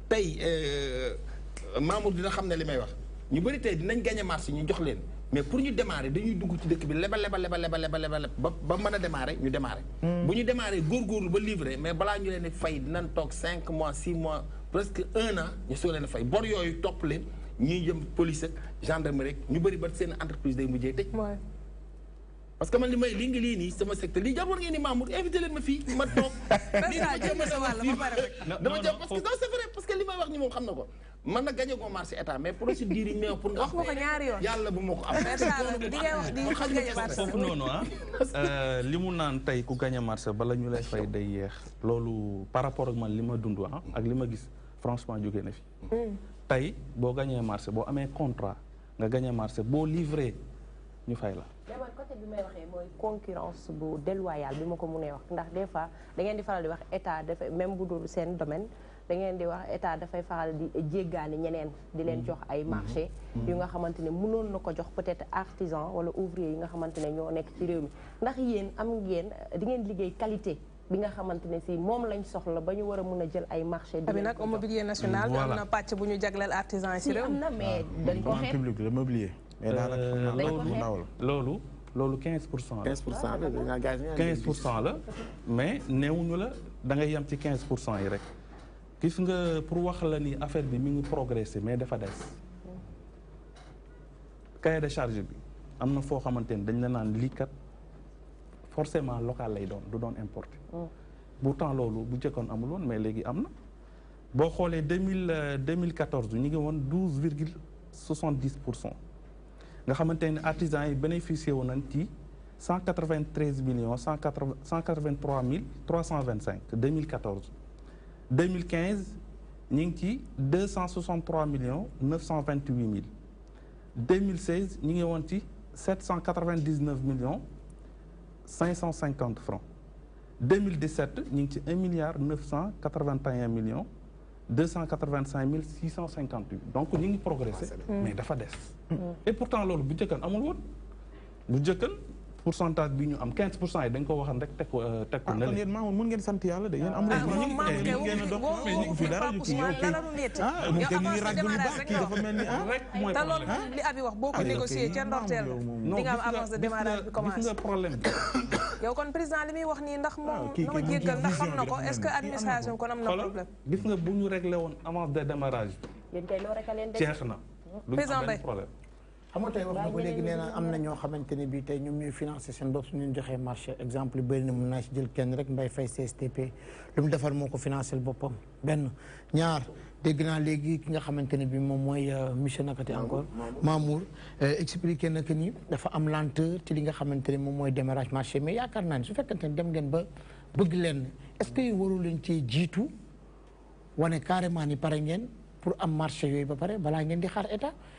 tey euh, Mamour dina xam ne li may wax ñu bëri tey dinañ gagné marché ñu jox leen. mais pour ñu démarrer dañuy dugg ci dëkk bi lebal lebal lebal lebal lebal ba ba a démarrer ñu démarrer. Hmm. bu ñu démarrer góorgóorlu ba livrer mais balaa ñu leen fay dinañ toog 5 mois 6 mois presque 1 na ñu soo leen fay bor yooyu topp leen ñuy jëm police ak gendarmerie rek ñu bëri ba seen entreprise day mujjee tëj. parce que man li may li ngi lii nii sama secteur lii jàppoon ngeen ni Mamour invité leen ma fii ma toog. dama jëm sama fii dama jëm parce que ça c'est vrai parce que li may wax ni moom xam na ko. man na gañe ko marché état mais procédure yi néew pour nga wax ko ñaari yoon yàlla bu ma ko am foofu noonu ah euh, li mu naan tey ku gañe marché bala ñu lay fay day yeex loolu par rapport ak man li ma dund ah, ak li gis franchement jógee na fi hmm. tey boo gañee marché boo amee contrat nga gañe marché boo livré ñu fay la man côté bi may waxee mooy concurrence bu déloyale bi ma ko mënee wax ndax des fois da ngeen di faral di wax état dafa même bu dul seen domaine da ngeen di wax état dafay faral di jéggaani ñeneen di leen jox ay mm-hmm. marché mm-hmm. yu nga xamante ne mënoon na ko jox peut-être artisan wala ouvrier yi nga xamante ne ñoo nekk ci réew mi ndax yéen am ngeen di ngeen liggéey qualité bi nga xamante ne si moom lañ soxla ba ñu war a mën a jël ay marché bi nag au mobilier national am na pacc bu ñu jagleel artisan yi si réew am na mais dañ ko xeet public le mobilier mais euh, loolu loolu loolu pour cent la pour cent la 15 ah, pour cent la mais néewuñu la da ngay yem ci 15 pour cent yi rek gis nga pour wax la ni affaire bi mi ngi progressé mais dafa des cahier de charge bi am na foo xamante ni dañ la naan lii kat forcément local lay doon du doon importé mm. pourtant loolu bu jëkkoon amul woon mais léegi am na boo xoolee deux mille euh, deux mille quatorze ñu ngi woon douze virgule soixante dix pour cent nga xamante ni artisans yi bénéficié woon nañ ci cent quatre vingt treize millions cent quatre vingt trois mille trois cent vingt cinq deux mille quatorze 2015, nous 263 millions 928 000. 2016, nous 799 millions 550 francs. 2017, nous 1 milliard 981 millions 285 658. Donc, nous avons progressé, mm. mais il faut mm. Et pourtant, le budget est le budget pourcentage bi ñu am 15 pour cent yi dañ ko waxan rek teg ko euh, teg ko. ah yéen maamoon mun ngeen sant yàlla de yéen ah, amul. li abi wax boo ko négocier ca ndorteel di nga am avance de démarrage bi commencé. yow kon président li muy wax nii ndax moom ah, na ma jéggal ndax xam na ko est-ce que administration kon am na problème. gis nga bu ñu réglé woon avance de démarrage bi. jeex na. président Mbaye xam nga tey na ko léegi nee na am na ñoo xamante ne bii tey ñoom ñuy financé seen bopp suñu joxee marché exemple bëri na mun naa si jël kenn rek mbay fay CSTP lu mu defar moo ko financé boppam benn ñaar dégg naa léegi ki nga xamante ne bii moom mooy euh, monsieur nakati encore Mamour euh, expliqué na que ni dafa am lenteur ci li nga xamante ne moom mooy démarrage marché mais yaakaar naa su fekkante ne dem ngeen ba bëgg leen est-ce que waru leen ci jiitu wane carrément ni pare ngeen pour am marché yooyu ba pare balaa ngeen di xaar état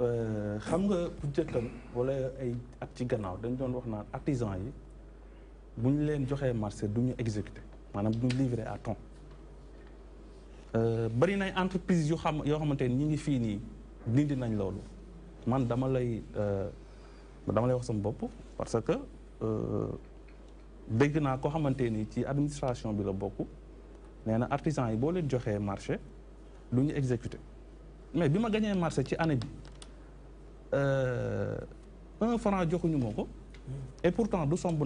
Euh, xam nga bu njëkkan wala ay at ci gannaaw dañ doon wax naa artisan yi bu ñu leen joxee marché du ñu exécuter maanaam du ñu livrer à temps euh, bari nay entreprise yu xam yoo xamante ni ñi ngi fii nii dindi nañ loolu man dama lay euh, dama lay wax sama bopp parce que dégg naa koo xamante ni ci administration bi la bokk nee na artisan yi boo leen joxee marché du ñu exécuter mais bi ma gañee marché ci année bi Euh, un franc joxuñu hmm. et pourtant nous sommes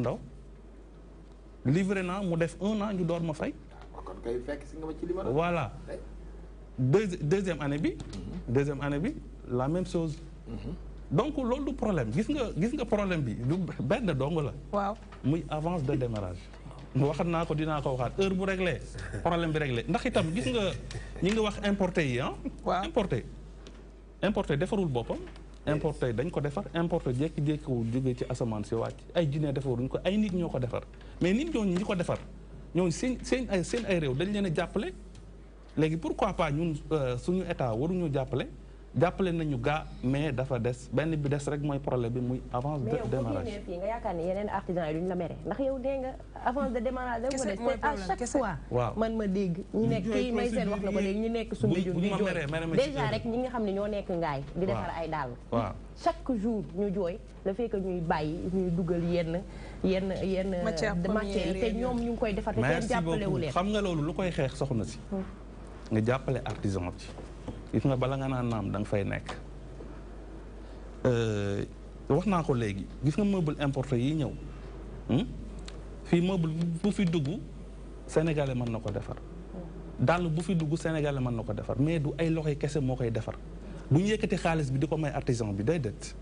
livré il un an ñu ah, voilà deuxième année hmm. deuxième année la même chose hmm. donc loolu problème gis nga problème bi du avance de démarrage nous y ko un ko problème bi réglé ndax a ah. importé importé yi dañ ko defar importé jékki-jékki wu jógee ci asamaan si wàcc ay jinne defaruñ ko ay nit ñoo ko defar mais nit ñooñu ñi ko defar ñoo seen seen ay seen ay réew dañ leen a jàppale léegi pour pourquoi pas ñun euh, suñu état waruñoo jàppale jàppale nañu gaa mais dafa des benn bi des rek mooy problème bi muy avance de démarrage. mais yow nga yaakaar ne yeneen artisans yi duñ la mere waaw man ma dégg. ñu nekk kii may seen wax na ñu nekk suñu jur di jooy déjà rek ñi nga xam ne ñoo nekk ngaay. di defar ay dàll. waaw ñu jooy le fait que ñuy bàyyi ñuy dugal yenn yenn yenn. matière première te ñoom ñu ngi koy defar te kenn jàppalewu leen. xam nga loolu lu koy xeex soxna si. Hmm. nga jàppale artisan bi gis nga bala nga naan naam danga fay nekk euh, wax naa ko léegi gis nga meuble importe yi ñëw hmm? fii meuble bu fi dugg sénégalais mën na ko defar dàll bu fi dugg sénégalais mën na ko defar mais du ay loxo kese moo koy defar bu ñu yëkkati xaalis bi di ko may artisan bi day det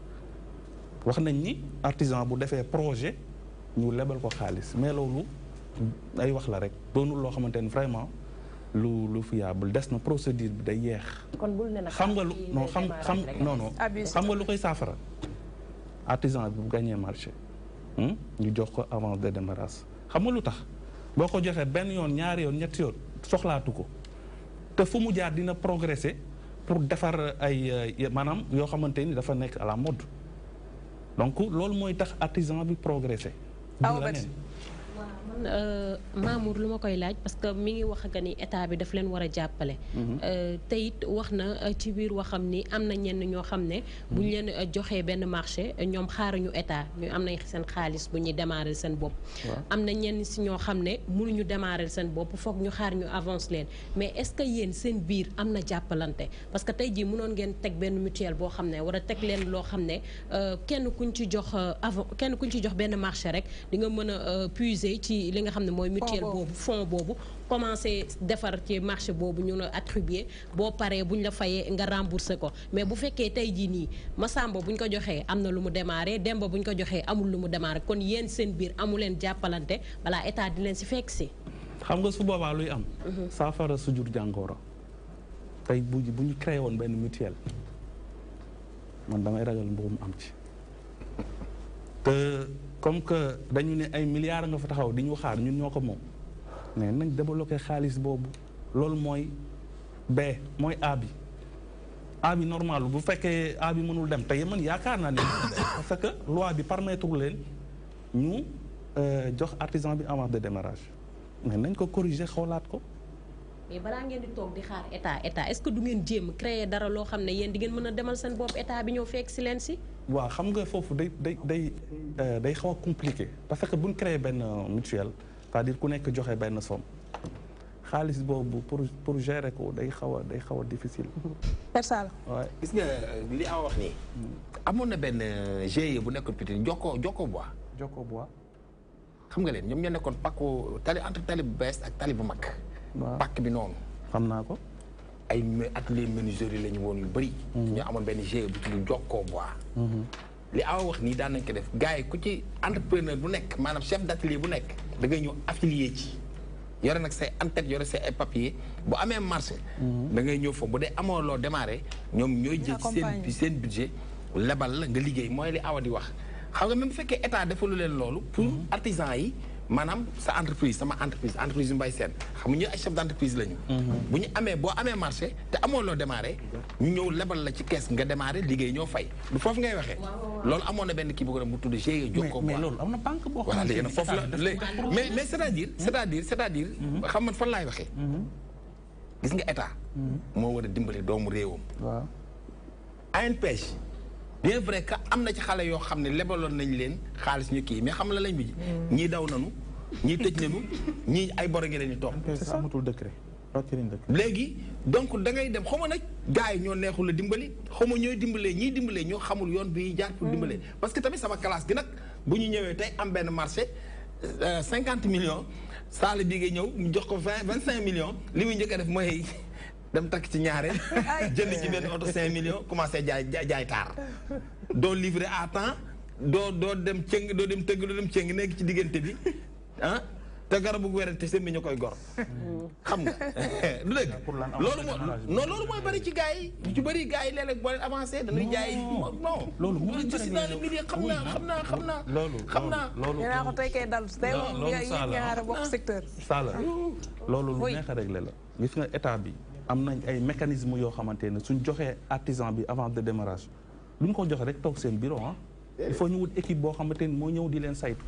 wax nañ ni artisan bu defee projet ñu lebal ko xaalis mais loolu ay wax la rek doonul loo xamante vraiment lu fiable des na procédure bi day yeex. kon bul ne nag xam nga non xam xam non non. xam nga lu koy saafara. artisan bi bu gagné marché. hmm ñu jox ko avance de démarrage xam nga lu tax boo ko joxee benn yoon ñaari yoon ñetti yoon soxlaatu ko te fu mu jaar dina progresser pour defar ay euh, manam yo xamante ni dafa nek à la mode donc lool moy tax artisan bi progresser. aw Euh, Mamour lu ma koy laaj parce que mi ngi wax que ni état bi daf leen war a jàppale. Mhm. Euh, te it wax na euh, ci biir waxam ni am na ñenn ñoo xam ne. bu ñu leen joxee benn marché ñoom xaaruñu état ñu am nañ seen xaalis bu ñuy démarrer seen bopp. am na ñenn si ñoo xam ne mënuñu démarrer seen bopp foog ñu xaar ñu avance leen mais est-ce que yéen seen biir am na jàppalante parce que tey jii mënoon ngeen teg benn mutuelle boo xam ne war a teg leen loo xam ne kenn kuñ ci jox avant kenn ci jox benn marché rek di nga mën a ci. ci li nga xam ne mooy mutuelle boobu fonds boobu commencé defar ci marché boobu ñu la atribuer boo paree bu buñ la fayee nga remboursé ko mais bu fekkee tey jii nii Massamba buñ ko joxee am na lu mu démarré Demba buñ ko joxee amul lu mu démarré kon yéen seen biir amu leen jàppalante balaa état di leen si fekk si. xam nga su boobaa luy am. Mhm. saafara su jur jàngoro. tey bu ñu créé woon benn mutuelle man damay ragal mbuum am ci comme que dañu ne ay milliards nga fa taxaw di ñu xaar ñun ñoo ko moom mais nañ débloqué xaalis boobu loolu mooy B mooy A bi A bi normal bu fekkee A bi mënul dem te man yaakaar naa ne parce que loi bi permettre leen ñu euh, jox artisan bi avance de démarrage mais nañ ko corriger xoolaat ko mais bala ngeen di tok di xaar état état est ce que du ngeen jéem créer dara lo xam yeen di ngeen mëna a demal seen état bi ñëw fekk silence leen xam nga fofu day day day euh, day xaw a compliqué parce que buñ créer ben mutuel c'est-à-dire ku nekk joxe benn somme xaalis boobu pour pour gérer ko day xaw day xaw a difficile. persaal. waaw gis nga euh, li a wax ni amone ben benn euh, bu nekk petit joko joko Bois. joko Bois. xam nga len ñom ñu nekkon pàkku tali entre tali bu bees ak tali bu mak pàkk bi noonu. xam naa ko. ay atelier menuiserie la ñu woon yu bëri. Mhm. ñu amoon benn GIE bu tudd Jokkoo Bois. Mhm. li awa wax nii daan nañ ko def gars yi ku ci entrepreneur bu nekk maanaam chef d' atelier bu nekk da ngay ñëw affilié ci. yore nag say en-tête yore say ay bu amee marché. Mhm. da ngay ñëw foofu bu dee amoo loo démarré. ñoom ñooy jël seen seen budget. lebal la nga liggéey mooy li awa di wax xam nga même bu fekkee état defalu leen loolu. pour artisan yi. maanaam sa entreprise sama entreprise entreprise yu mbay seen xam nga ñu ay chef entreprise lañu. Mhm. bu ñu amee boo amee marché te amoo loo démarré ñu ñëw lebal la ci kees nga démarré liggéey ñoo fay du foofu ngay waxee. loolu amoon na benn kii bu ko doon mu tudd GIE. Jokalante mais mais loolu am na banque boo xam ne foofu mais mais c' à dire c' à dire c' à dire. xam nga fan laay waxee. Mhm. gis nga état. Mhm. moo war a dimbali doomu réewam. waaw bien vrai que am na ci xale yoo xam ne lebaloon nañ leen xaalis ñu kii mais xam na lañ bi hmm. ñii daw nanu ñii tëj nanu ñii ay boro ngi leen di toog amatul léegi donc dangay dem xaw ma nag gars yi ñoo neexul la dimbali xaw ma ñooy dimbalee ñii dimbalee ñoo xamul yoon bi jaar pour hmm. dimbalee parce que tamit sama classe gi nag bu ñu ñëwee tey am benn marché euh, cinquante million salle bi nga ñëw jox ko vingt vingt cinq million li muy njëkk a def mooy yi dem takk ci ñaare jënd ci benn oto 5 millions commencé jaay jaay taar doo livré à temps doo doo dem cëng doo dem tëgg doo dem cëng nekk ci diggante bi ah te garabu werante sëmmi ñu koy gor xam nga lu dëgg loolu moo non loolu mooy bëri ci gars yi ci bëri gars yi léeg-léeg boo leen avancé dañuy jaay non loolu naa ne milieu xam naa xam loolu xam naa tey kay dal tey moom secteur sala ah. loolu lu neex a réglé la gis nga état bi am nañ ay mécanismes yoo xamante ne suñ joxee artisan bi avant de démarrage lu ñu ko joxe rek toog seen bureau ah. Eh. il faut ñu équipe boo xamante ni moo ñëw di leen saytu.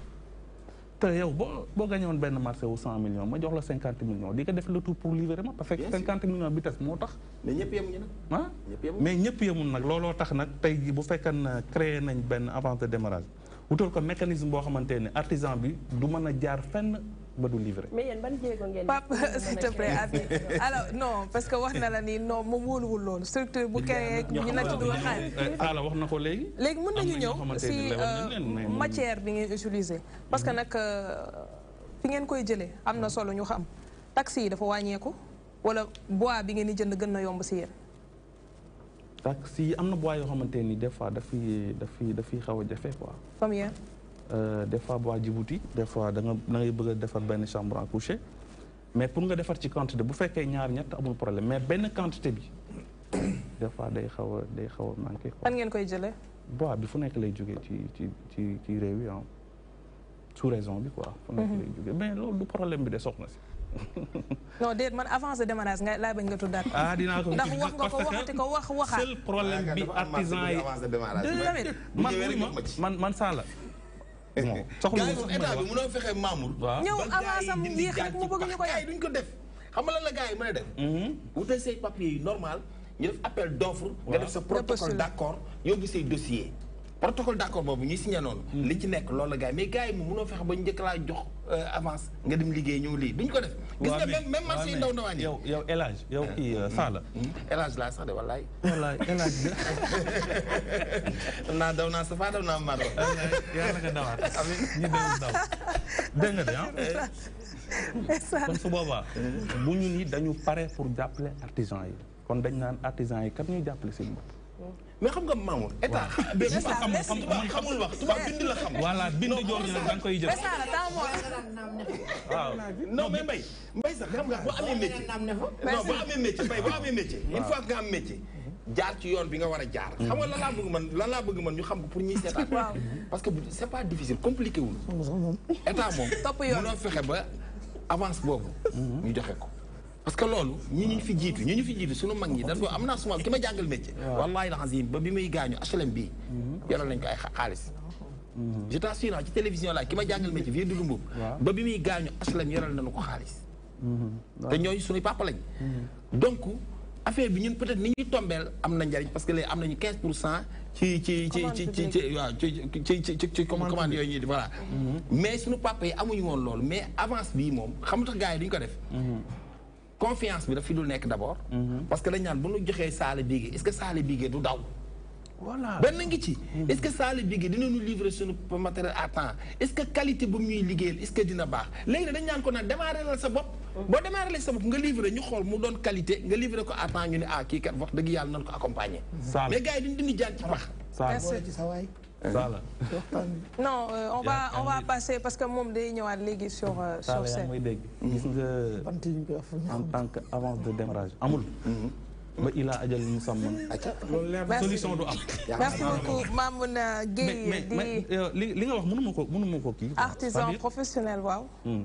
te yow boo boo gagné woon benn marché wu cent million ma jox la cinquante millions di ko def le tout pour livrer ma. parce que cinquante millions bi tas moo tax. mais ñëpp yemuñu ah. nag. looloo tax nag tey jii bu fekkan créer nañ benn avance de démarrage wutal ko mécanisme boo xamante ne artisan bi du mën a jaar fenn. ba du livré. mais yéen ban jéego ngeen. Pape s'il non parce que wax na la nii non moom wóoluwul loolu structure bu créé ñu la tudd waxaat. ala wax na ko léegi. léegi mën nañu ñëw si euh, matière bi ngeen utiliser. parce que nag euh, fi ngeen koy jëlee am na solo ñu xam taxi yi dafa wàññeeku wala bois bi ngeen di jënd gën na yomb si yéen. taxi yi am na bois yoo xamante ni des fois dafiy dafiy dafiy xaw a jafe quoi. Euh, des fois bois Djibouti des fois da nga da ngay bëgg a defar benn chambre à coucher mais pour nga defar ci quantité bu féké ñaar ñett amul problème mais ben quantité bi des fois day xawa day xawa a quoi fan ngeen koy jëlé bois bi fu nek lay jógee ci ci ci ci réew yi hein. sous raison bi quoi. fu nek mhm. lay jógee ben loolu du problème bi dé soxna ci non déet man avance de démarrage nga laa bañ nga tuddaat. ah dina ko ndax wax nga ko waxati ko wax waxaat. seul problème bi ah, artisan yi. man man man Sala. soxla gars yi moom état bi fexe maamul. waaw ñëw avance am yéex mu bëgg ñu ko def gars duñ ko def xam nga lan la gaa yi mën def. Mhm. wutal say papiers yu normal ñu def appel d'offre nga def sa protocole d'accord yóbbu say dossier protocole d'accord boobu ñuy signé noonu. Mm. li ci nekk loolu la gars yi mais gars yi mu mënoo fexe ba ñu njëkk laa jox euh, avance nga dem liggéey ñëw lii duñ ko def. gis nga même même yi ndaw ndawaan yi. yow yow El Hadj yow euh, kii euh, mm, Saala. Mm. sax de wallaay. wallaay El Hadj naa daw naa Safa daw naa Maro. yàlla nga dawaat amiin ñu dawul daw. dégg de ah. kon su boobaa. bu ñu nii dañu pare pour jàppale artisan yi kon dañ naan artisan yi kat ñuy jàppale seen bopp. mais xam nga Mamour état. xamul xamul wax tubaab bind la xam. voilà bind jooju nag da nga koy jël. waaw non mais mbay mbay sax xam nga boo amee métier. non boo amee métier mbay boo amee métier. une fois am métier. jaar ci yoon bi nga war a jaar. Mm-hmm. xam nga lan laa bëgg man lan laa bëgg man ñu xam ko pour ñuy seetaan. parce que c'est pas difficile compliqué wul. état moom. topp yoon munoo fexe ba avance boobu. Mm-hmm. ñu joxe ko. parce que loolu ñi ñu fi jiitu ñu ñu fi jiitu suñu mag ñi dañ ko am naa suma ki ma jàngal métier wallahi alazim ba bi muy gaañu HLM bii mhm. yoral nañ ko ay xaalis mhm. je t'assure ci télévision la ki ma jàngal métier vieux Doudou Mboup ba bi muy gaañu HLM yoral nañu ko xaalis mhm. te ñooñu suñuy papa donc affaire bi ñun peut-être ni ñuy tombeel am na njariñ parce que léegi am nañu 15 pour cent ci ci ci ci ci ci ci ci ci ci ci commande yooyu ñuy voilà mais suñu papa yi amuñu woon loolu mais avance bii moom xam tax yi duñ ko def confiance bi daf fi dul nekk d' mhm. parce que dañ naan bu ñu joxee Saalum Bigué est ce que Saalum Bigué du daw. benn ngi ci. Mhm. est ce que Saalum dina ñu livrer suñu matériel à temps est ce que qualité bu ñuy liggéeyal est ce dina baax léegi nag dañ naan ko nag démarrer la sa bopp. Mhm. boo démarrer la sa bopp nga livrer ñu xool mu doon qualité nga livrer ko à ñu ne ah kii kat wax dëgg yàlla nañ ko accompagner. mais gars yi duñ jaan ci pax. Hein? non euh, on va on va passer parce que mon day a légué sur euh, sur mhm. en tant qu'avance de démarrage Amoul, mhm. il a merci beaucoup Mamouna artisan professionnel hmm.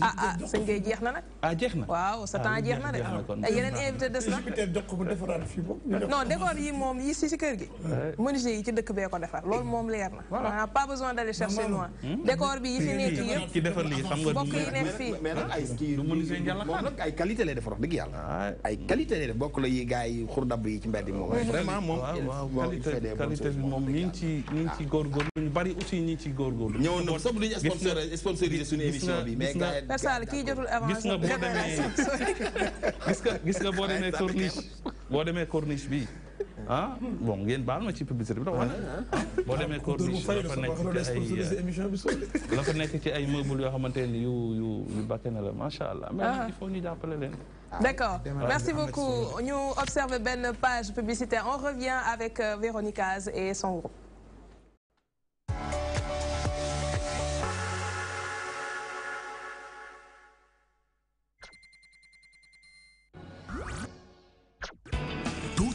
ah ah sëñ ngay jeex na nag. ah jeex na waaw sa ah, temps de. Ah, yeneen invité des na. Jupiter jox ko mu defaraat ci dëkk bee ko defar loolu moom leer na. voilà on n'a pas besoin d'aller chercher loin. Hmm? décor bi yi fi nekk yëpp ki defar lii xam nga bokk yi nekk fii. mais nag ay kii moom nag ay qualité lay defar wax dëgg yàlla. ay qualité lay def bokk la yi gars yi xurdab yi ci mbedd moom. vraiment moom qualité qualité bi moom ñu ngi ci ñu ngi ci ah. góorgóorlu ñu bari aussi ñu ngi ci góorgóorlu. ñëwoon na sax bu ñu sponsorisé suñu D'accord. Ah, Merci beaucoup. Nous observe une page publicitaire. On revient avec euh, Véronique et son groupe.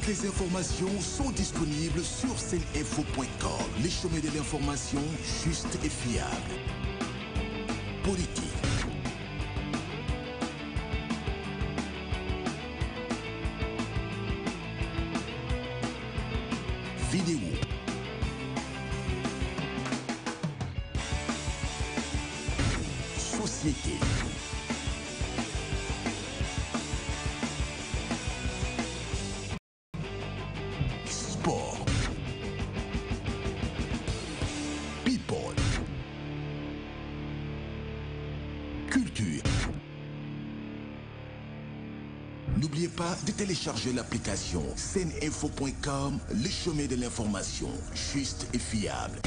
Toutes les informations sont disponibles sur cne-info.com. Les chemins de l'information juste et fiable. Politique. Vidéo. de télécharger l'application sceneinfo.com, le chemin de l'information, juste et fiable.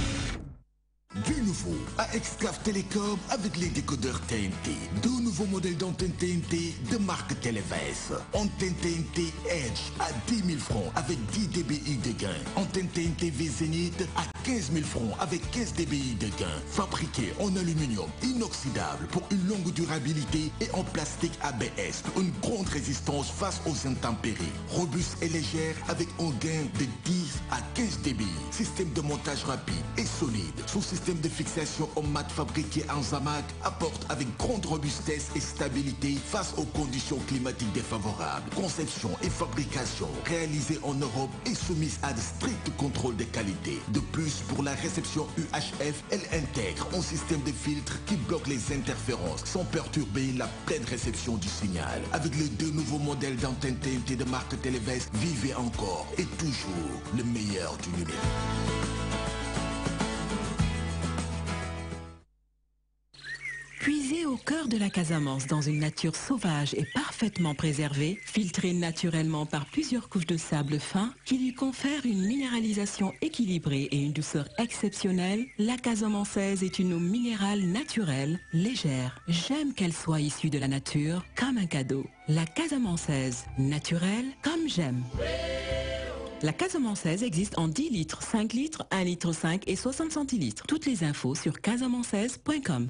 Du nouveau à xcaf télécom avec les décodeurs TNT. Deux nouveaux modèles d'antenne TNT de marque Televes. Antenne TNT Edge à 10 000 francs avec 10 dBi de gain. Antenne TNT V Zenith à 15 000 francs avec 15 dB de gain. Fabriqué en aluminium inoxydable pour une longue durabilité et en plastique ABS une grande résistance face aux intempéries. Robuste et légère avec un gain de 10 à 15 dBi. Système de montage rapide et solide. Son système de fixation en mat fabriqué en Zamac apporte avec grande robustesse et stabilité face aux conditions climatiques défavorables. Conception et fabrication réalisée en Europe et soumise à de stricts contrôles de qualité. De plus, pour la réception UHF, elle intègre un système de filtres qui bloque les interférences sans perturber la pleine réception du signal. Avec les deux nouveaux modèles d'antenne TNT de marque Televest, vivez encore et toujours le meilleur du numérique. Puisée au cœur de la Casamance dans une nature sauvage et parfaitement préservée, filtrée naturellement par plusieurs couches de sable fin qui lui confèrent une minéralisation équilibrée et une douceur exceptionnelle, la Casamanceaise est une eau minérale naturelle, légère. J'aime qu'elle soit issue de la nature comme un cadeau. La Casamanceaise, naturelle comme j'aime. La Casamanceaise existe en 10 litres, 5 litres, 1 litre 5 et 60 centilitres. Toutes les infos sur casamanceaise.com.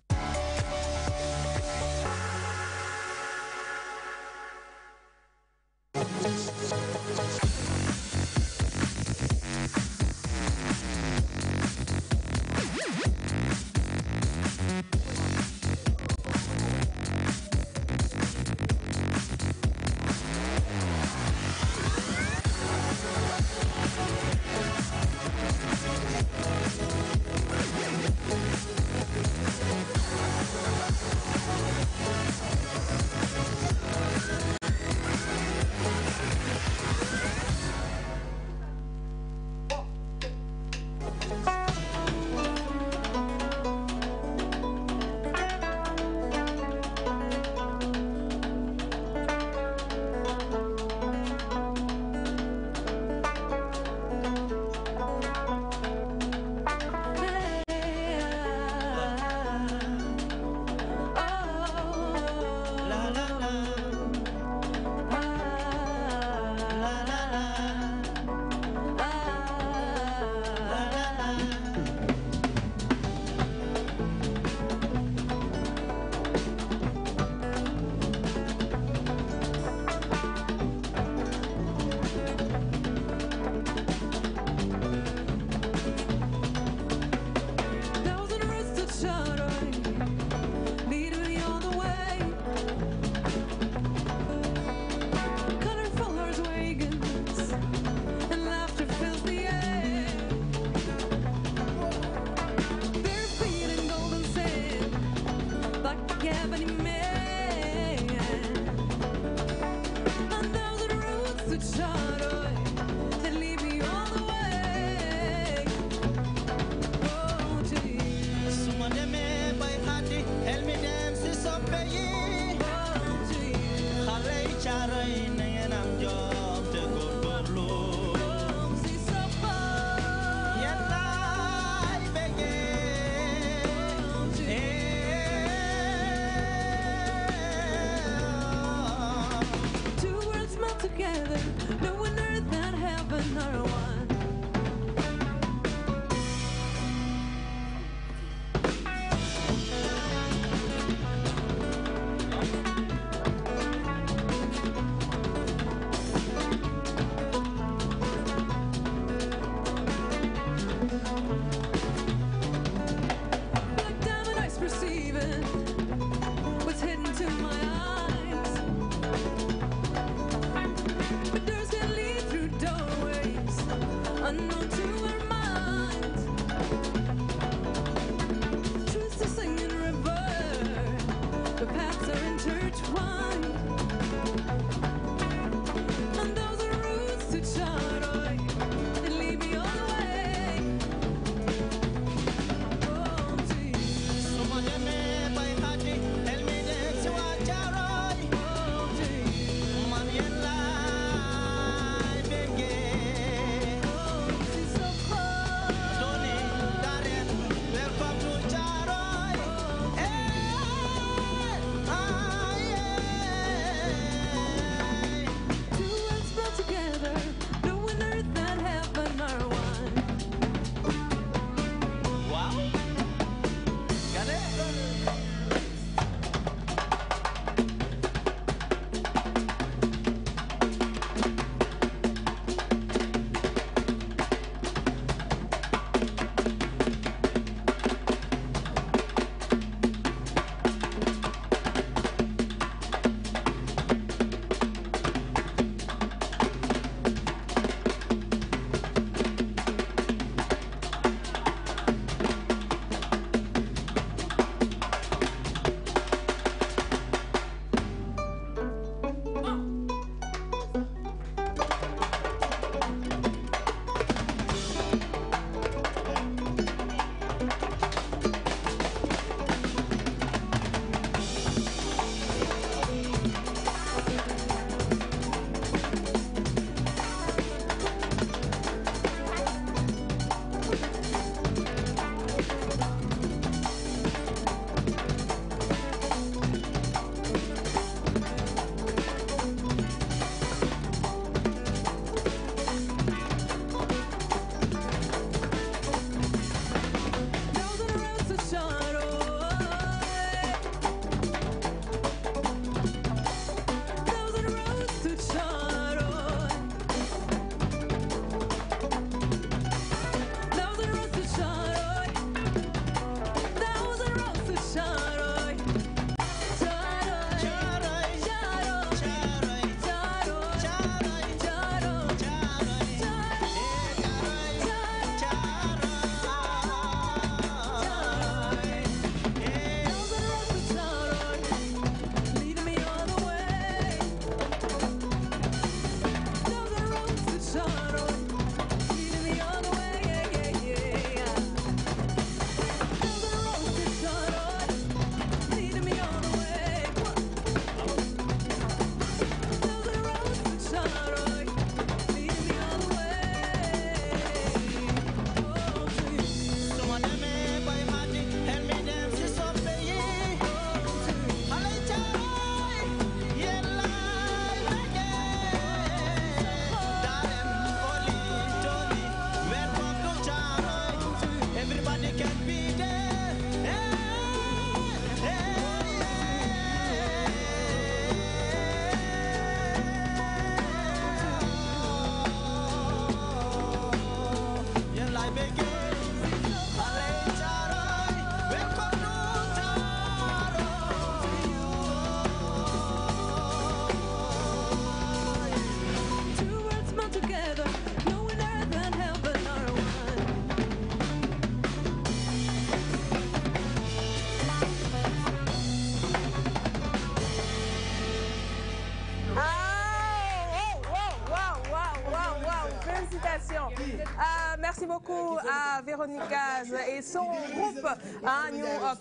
Ah, euh,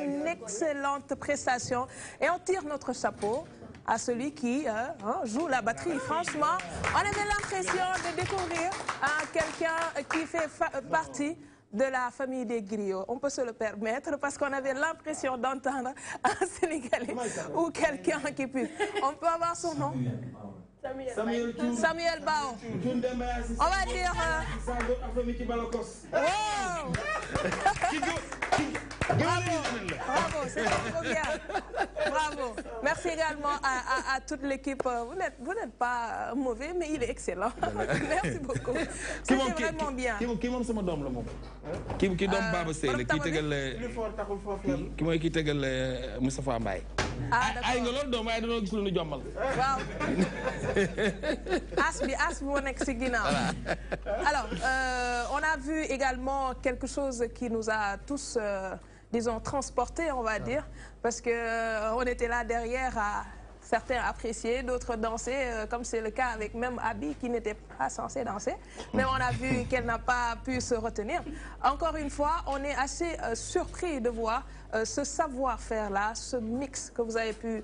une excellente prestation et on tire notre chapeau à celui qui euh, hein, joue la batterie. Franchement, on avait l'impression de découvrir hein, quelqu'un qui fait euh, partie de la famille des griots. On peut se le permettre parce qu'on avait l'impression d'entendre un Sénégalais ou quelqu'un qui puisse. On peut avoir son nom Samuel, Bao. On va dire. Euh, bravo, bravo, Bravo. Merci également à, toute l'équipe. Euh, vous n'êtes pas euh, mauvais, mais il est excellent. Merci beaucoup. C'est vraiment bien. Qui monte ce le Qui qui donne Baba qui qui moi qui que Mbaye. Ah, d'accord. alors euh, on a vu également quelque chose qui nous a tous euh, disons transportés on va ah. dire parce que euh, on était là derrière à certains apprécier, d'autres danser, comme c'est le cas avec même Abby qui n'était pas censée danser. Mais on a vu qu'elle n'a pas pu se retenir. Encore une fois, on est assez surpris de voir ce savoir-faire-là, ce mix que vous avez pu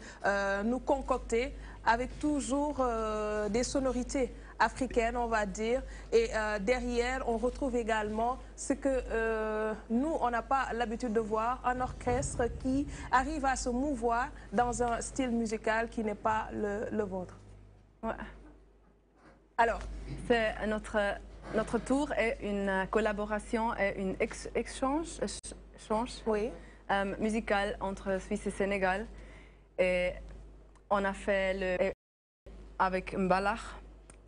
nous concocter avec toujours euh, des sonorités africaines, on va dire. Et euh, derrière, on retrouve également ce que euh, nous, on n'a pas l'habitude de voir, un orchestre qui arrive à se mouvoir dans un style musical qui n'est pas le, vôtre. Alors, c'est notre, notre tour est une collaboration et une exchange échange, musical entre Suisse et Sénégal. Et on a fait le, euh, avec Mbalach,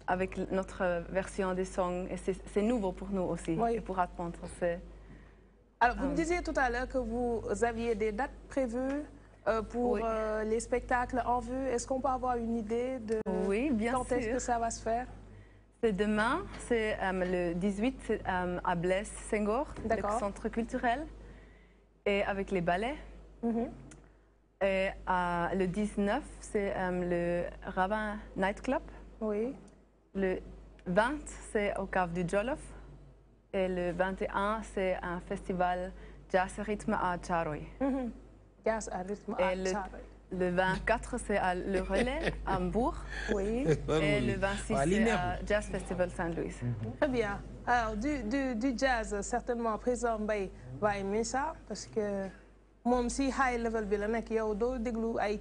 avec notre version des songs. Et c'est nouveau pour nous aussi, et pour apprendre. Alors, vous me euh, disiez tout à l'heure que vous aviez des dates prévues euh, pour les spectacles en vue. Est-ce qu'on peut avoir une idée de quand est-ce que ça va se faire C'est demain, c'est le 18 à Blesse Senghor, le centre culturel, et avec les ballets. Mhm. Et euh, le 19, c'est euh, le Rabin Nightclub. Oui. Le 20, c'est au cave du Jolof. Et le 21, c'est un festival jazz rythme à Charoy. Mhm. Jazz à rythme à le, Le 24, c'est le relais à Hambourg. Oui. Et le 26, c'est à Jazz Festival Saint-Louis. Mhm. Très bien. Alors, du, jazz, certainement, présent. va aimer ça parce que moi si high level bi la yow ay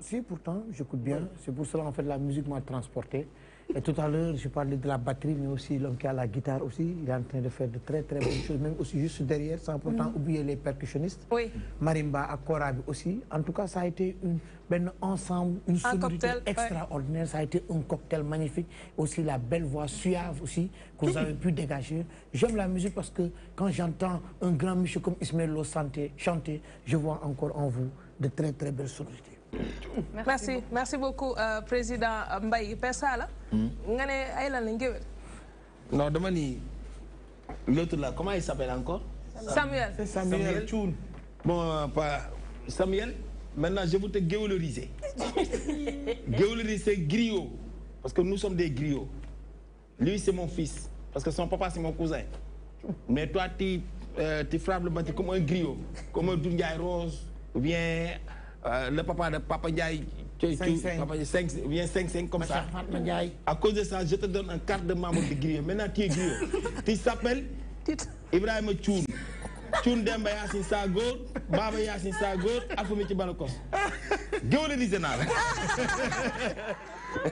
si pourtant j'écoute bien c'est pour cela en fait la musique m'a transporté et tout à l'heure je parlais de la batterie mais aussi l'homme qui a la guitare aussi il est en train de faire de très très bonnes choses même aussi juste derrière sans pourtant mm-hmm. oublier les percussionnistes oui marimba akorabi aussi en tout cas ça a été une ben ensemble, une extraordinaire. Ça a été un cocktail magnifique. Aussi la belle voix suave aussi que vous avez pu dégager. J'aime la musique parce que quand j'entends un grand monsieur comme Ismaël Lo chanter, je vois encore en vous de très très belles sonorités. Merci, merci beaucoup, euh, Président Mbaye. Pessala, vous avez Non, demandez l'autre là, comment il s'appelle encore Samuel. Samuel. Bon, euh, pas Samuel Maintenant, je vous te géoloriser. Géoloriser, griot. Parce que nous sommes des griots. Lui, c'est mon fils. Parce que son papa, c'est mon cousin. Mais toi, tu, euh, tu frappes le bâti comme un griot. Comme un Dungaï Rose. Ou bien euh, le papa de Papa Ndiaye. 5-5. viens 5-5 comme ça. À cause de ça, je te donne un quart de membre de griot. Maintenant, tu es griot. tu s'appelles Ibrahim Tchoum. Cuun Demba Yacine Sa Baba Yacine Sa Góor afumi ci bana kos géolalisé naa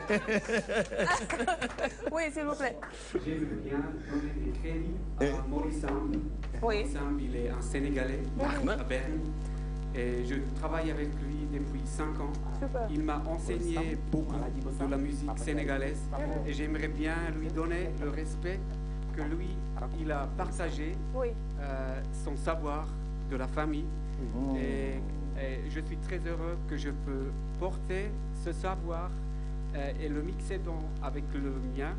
oui s'il vous plaît. J'aime bien donner des crédits à eh. Maurice Samb. Maurice Samb, il est un Sénégalais à Berne. Et je travaille avec lui depuis 5 ans. Super. Il m'a enseigné beaucoup de la musique sénégalaise et j'aimerais bien lui donner le respect que lui, il a partagé euh, son savoir de la famille. Mmh. Et, je suis très heureux que je peux porter ce savoir euh, et le mixer dans, avec le mien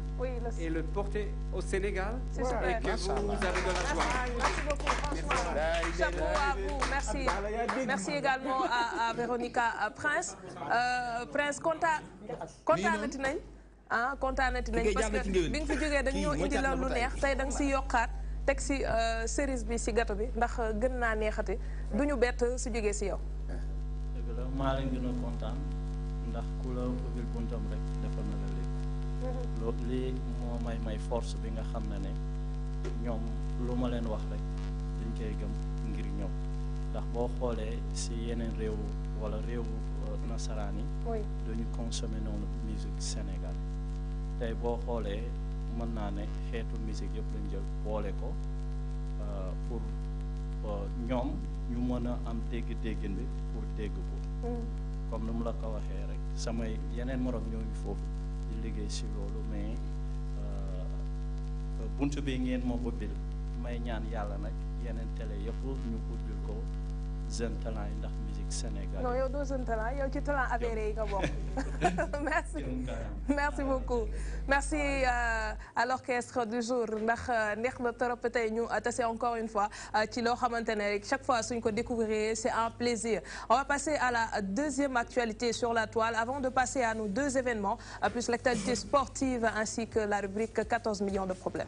et le porter au Sénégal. Et que vous, avez de la joie. Merci beaucoup, Chapeau à vous. Merci. également à, à Véronica Prince, Prince. Euh, Prince, contact. ah kontaanati nañ parce que bi nga fi jógee dañ ñëw indi la lu neex tey da nga si yokkaat teg si euh, cerise bi si gâteau bi ndax euh, gën naa neexati du ñu bett si jógee si yow. dëgg la maa leen gën ndax ku la ubbil buntam rek defal na la lépp. Mm-hmm. moo may may force bi nga xam na ne ñoom lu ma leen wax rek dañ koy gëm ngir ñoom ndax boo xoolee si yeneen réew wala réew euh, nasaraan yi. dañu noonu musique Sénégal. tey boo xoolee mën naa ne xeetu musique yëpp lañ jël boole ko euh, pour euh, ñoom ñu mën a am dégg-déggin pour dégg ko. Mm. comme nu mu la ko waxee rek samay yeneen morom ñoo ngi foofu di liggéey si loolu mais euh, bunt bi ngeen moo ubbil may ñaan yàlla nag yeneen télé yëpp ñu ubbil ko jeune talent yi ndax. Sénégal. non ah, avéré merci merci beaucoup. merci euh, à l'orchestre du jour ndax euh, neex na ñu euh, encore une fois ci rek chaque fois suñ ko découvrir c'est un plaisir. on va passer à la deuxième actualité sur la toile avant de passer à nos deux événements plus l'actualité sportive ainsi que la rubrique 14 millions de problèmes.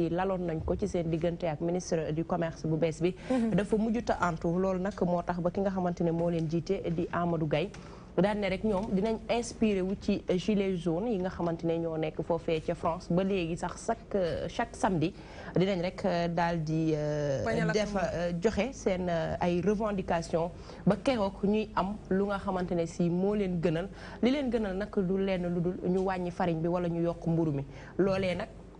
si laloon nañ ko ci seen diggante ak ministre du commerce bu bees bi mhm. dafa mujjuta antu loolu nag moo tax ba ki nga xamante ne moo leen jiite di Amadou gay daan ne rek ñoom dinañ inspiré wu ci gilet jaune yi nga xamante ne ñoo nekk foofee ca France ba léegi sax chaque chaque samedi dinañ rek euh, daal di euh, def euh, joxe seen ay revendication ba keroog ñuy am lu nga xamante ne si moo leen gënal li leen gënal nag du lenn lu dul ñu wàññi farine bi wala ñu yokk mburu mi loolee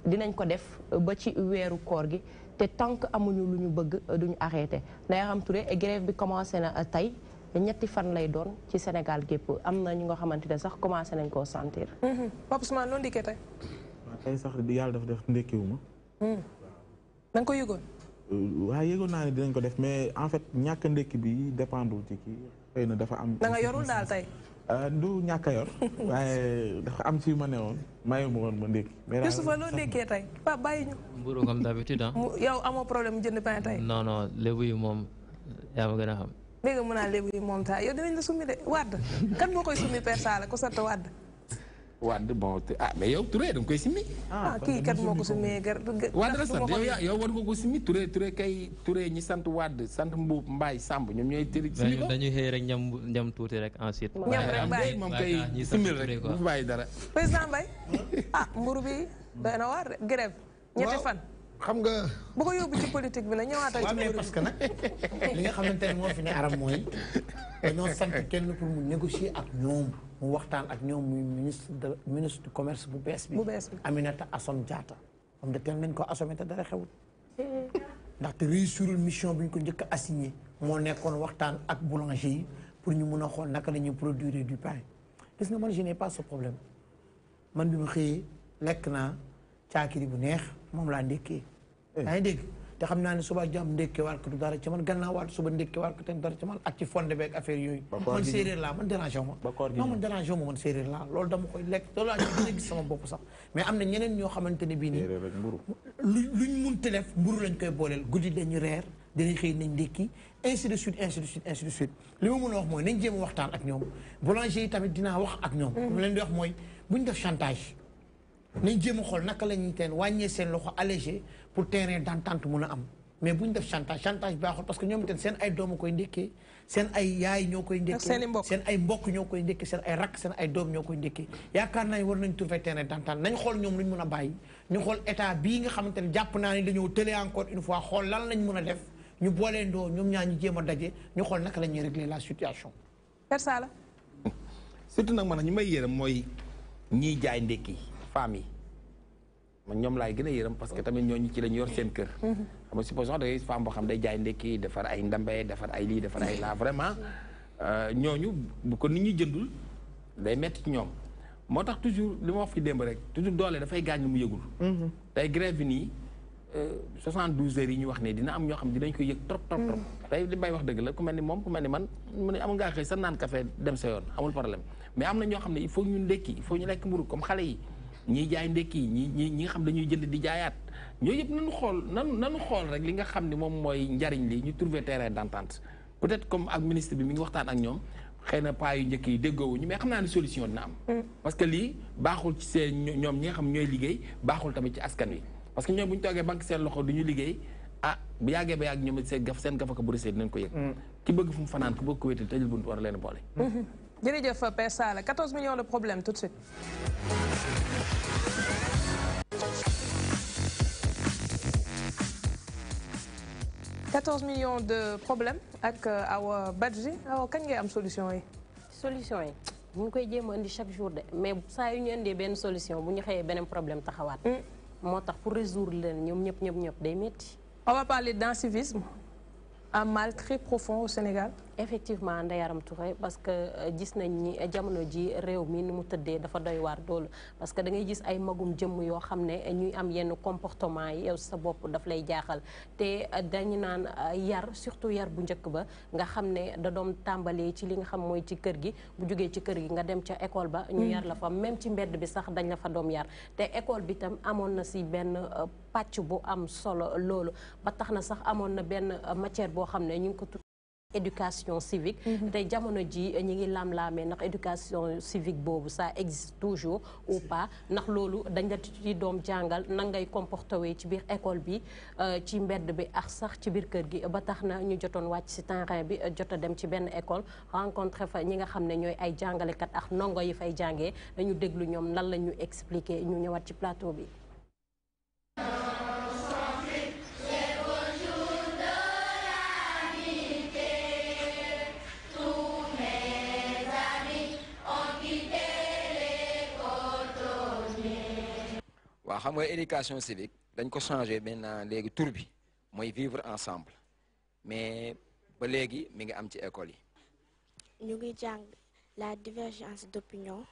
dinañ ko def euh, ba ci weeru koor gi te tant que amuñu lu ñu bëgg euh, duñu arrêté Ndeye Arame Touré grève bi commencé na euh, tey ñetti fan lay doon ci Sénégal gépp am na ñu nga xamante ne sax commencé nañ koo sentir. Mm-hmm. Pape Ousmane loo ndikkee tey. waaw ah, tey sax yàlla dafa def ndékkiwuma. Mm. da nga ko yëgoon. waaw yëgoon naa ne dinañ ko def mais en fait ñàkk ndékki bi dépendre ci ki xëy na dafa am. da nga yorul daal tey. Euh, du ñàkk a yor waaye dafa am ci ma ne woon mayu ma woon ma ndékki. Youssoupha loo ndékkee tey pa bàyyi ñu. mburu comme d'habitude ah. yow amoo problème jënd pain tey. non non lébu yi moom yaa ma gën a xam. dégg nga mën naa yi moom taa yow dinañ la summi de wadd kan moo koy summi per saala ko sant Wade bon te ah mais yow Touré da nga koy simmi. ah, ah kii kat moo ko summee gar. Wade la sant yow yow war nga ko simmi Touré Touré kay Touré ñi sant Wade sant Mbuub Mbaay Samb ñoom ñooy. tëri simmi ko dañuy xëy rek ñam tuuti rek ensuite. ñam rek bàyyi moom kay simmil rek bu bàyyi dara. président Mbaye ah mburu bi doy na ñetti fan. xam nga. bu ko yóbbu ci politique bi la ñëwaatal ci. mais parce que nag li nga xamante ne moo fi ne aram mooy dañoo sant kenn pour mu négocier ak ñoom waxtaan ak ñoom muy ministre de ministre commerce bu bees bi. bees bi Aminata Assome Diatta. xam nga teel nañ ko assommé te dara xewul. Eh. ndaxte réussir mission bi ñu ko njëkk a moo nekkoon waxtaan ak boulanger yi pour ñu mun a xool naka la ñuy produire du pain. gis nga man je n'ai pas ce bi ma xëyee lekk naa caakiri bu neex moom laa ndekkee Eh. yaa ngi dégg te xam naa ne suba jàmm ndékke war ko du dara ci man gannaaw waat suba ndékke war ko tam dara ci man ak ci fonde beeg affaire yooyu man séeréer laa man dérange wu ma non man dérange wu ma man séeréer laa loolu dama koy lekk loolu laa gën a gis sama bopp sax mais am na ñeneen ñoo xamante ne bii nii lu luñ mun te def mburu lañ koy booleel guddi dañu reer dinañ xëy nañ ndékki ainsi de suite ainsi de suite ainsi de suite li ma mën a wax mooy nañ jéem a waxtaan ak ñoom boulanger yi tamit dinaa wax ak ñoom mu mhm. leen di wax mooy buñ def chantage nañ jéem a xool naka la ñuy teen wàññee seen loxo allégé pour terrain d'entente mun a am mais bu ñu def chantage chantage baaxul parce que ñoom itam seen ay doomu koy ndékkee seen ay yaay ñoo koy ndékkee seen ay ñoo koy ndékkee seen ay rakk seen ay doom ñoo koy ndékkee yaakaar nañ war nañ trouver terrain d'entente nañ xool ñoom lu ñu mën a bàyyi ñu xool état bii nga xamante ne jàpp naa ni dañoo tële encore une fois xool lan lañ mën a def ñu booleendoo ñoom ñaa ñu jéem a daje ñu xool naka la ñuy régler la situation persa la surtout nag man ñu may yërëm mooy ñiy jaay ndékki femmes yi man ñoom laay gën a yërëm parce que tamit ñooñu ci lañ yor seen kër. Mhm. xam nga supposons da xam day jaay ndekki defar ay ndambe defar ay lii defar ay laa vraiment euh, ñooñu bu nit ñi jëndul day metti ñoom. moo tax toujours li ma wax fi démb rek toujours doole dafay gaañ lu mu yëgul. Mhm. tey grève bi nii 72 euh, heures yi ñu wax ne dina am ñoo xam dinañ ko yëg trop trop trop. Mhm. tey mais am na ñoo xam ne il faut ñu ndekki il faut ñu lekk mburu comme xale ñiy jaay ndekki ñi ñi ñi nga xam dañuy jënd di jaayaat ñooyu yëpp nanu xool nan nanu xool rek li nga xam ne moom mooy njariñ li ñu trouver terrain d'entente peut-être comme ak ministre bi mi ngi waxtaan ak ñoom xëy na paa yu njëkk yi déggoowuñu mais xam naa ne solution dina am mm. parce que lii baaxul ci seen ñoom ñi nga xam ñooy liggéey baaxul tamit ci askan wi parce que ñoom bu ñu toogee banque seen loxo du ñu liggéey ah bu yàggee ba yàgg ñoom seen gaf seen gafaka bu resee mm. mu fanaan ko wéetal tëjal bunt war a Il y a 14 millions de problèmes tout de suite. 14 millions de problèmes avec notre budget. Quelle est ngay am solution La solution yi ñu ngi koy chaque jour de mais ça y ñu une solution bu ñu xëyee un problème taxawaat. Hmm. moo pour résoudre les problèmes. on va parler d'incivisme un mal très profond au Sénégal. effectivement Ndeye Arame Touré parce que euh, gis nañ ni euh, jamono ji réew mi ni mu tëddee dafa doy waar doolu parce que da ngay gis ay magum jëmm yoo xam ne euh, ñuy am yenn comportement yi yow sa bopp daf lay jaaxal te dañu naan yar surtout yar bu njëkk ba nga xam ne da doom tàmbalee ci li nga xam mooy ci kër gi bu jugee ci kër gi nga dem ca école ba ñu yar la fa mm-hmm. même ci mbedd bi sax dañ la fa doom yar te école bi tam amoon na si benn pàcc bu am solo loolu ba tax na sax amoon na benn matière boo xam ne ñu ngi ko éducation civique mm-hmm. Tay jamono ji eh, ñi ngi lam mais nak éducation civique bobu ça existe toujours ou pas Nous lolu dañ la ci dom jàngal ci école bi euh, ci mbedd bi ak sax ci biir kër gi ba taxna ñu jotoon wacc ci terrain bi euh, jotta dem ci ben école fa ñi nga xamné ñoy ay ak yi fay ci plateau waaw xam nga éducation civique dañ ko changé maintenant les tourbis. bi vivre ensemble mais ba léegi mi ngi am ci école yi. ñu ngi jàng la divergence d'opinion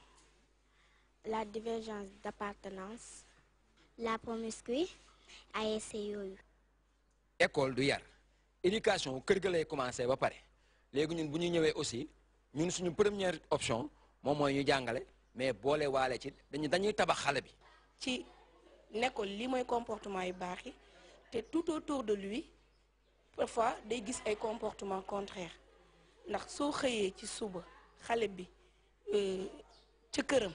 la divergence d'appartenance la promiscuité ay essayer. école du yar éducation kër commencé ba pare Les ñun bu ñu ñëwee aussi ñun suñu première option moom mooy ñu jàngale mais boole waale ci dañuy tabax xale bi ci ne ko lii comportement yu baax yi te tout autour de lui parfois day gis ay comportement contraire ndax soo xëyee ci suba xale bi euh, ca këram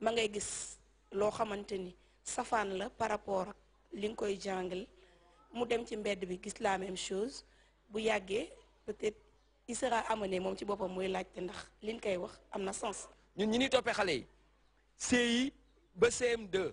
ma ngay gis loo xamante ni la par rapport ak li nga koy jàngal mu dem ci mbedd bi la même chose bu peut-être il sera amené mon ci boppam muy laajte ndax liñ koy wax am na sens. ñun ñi ñuy toppee xale yi CI 2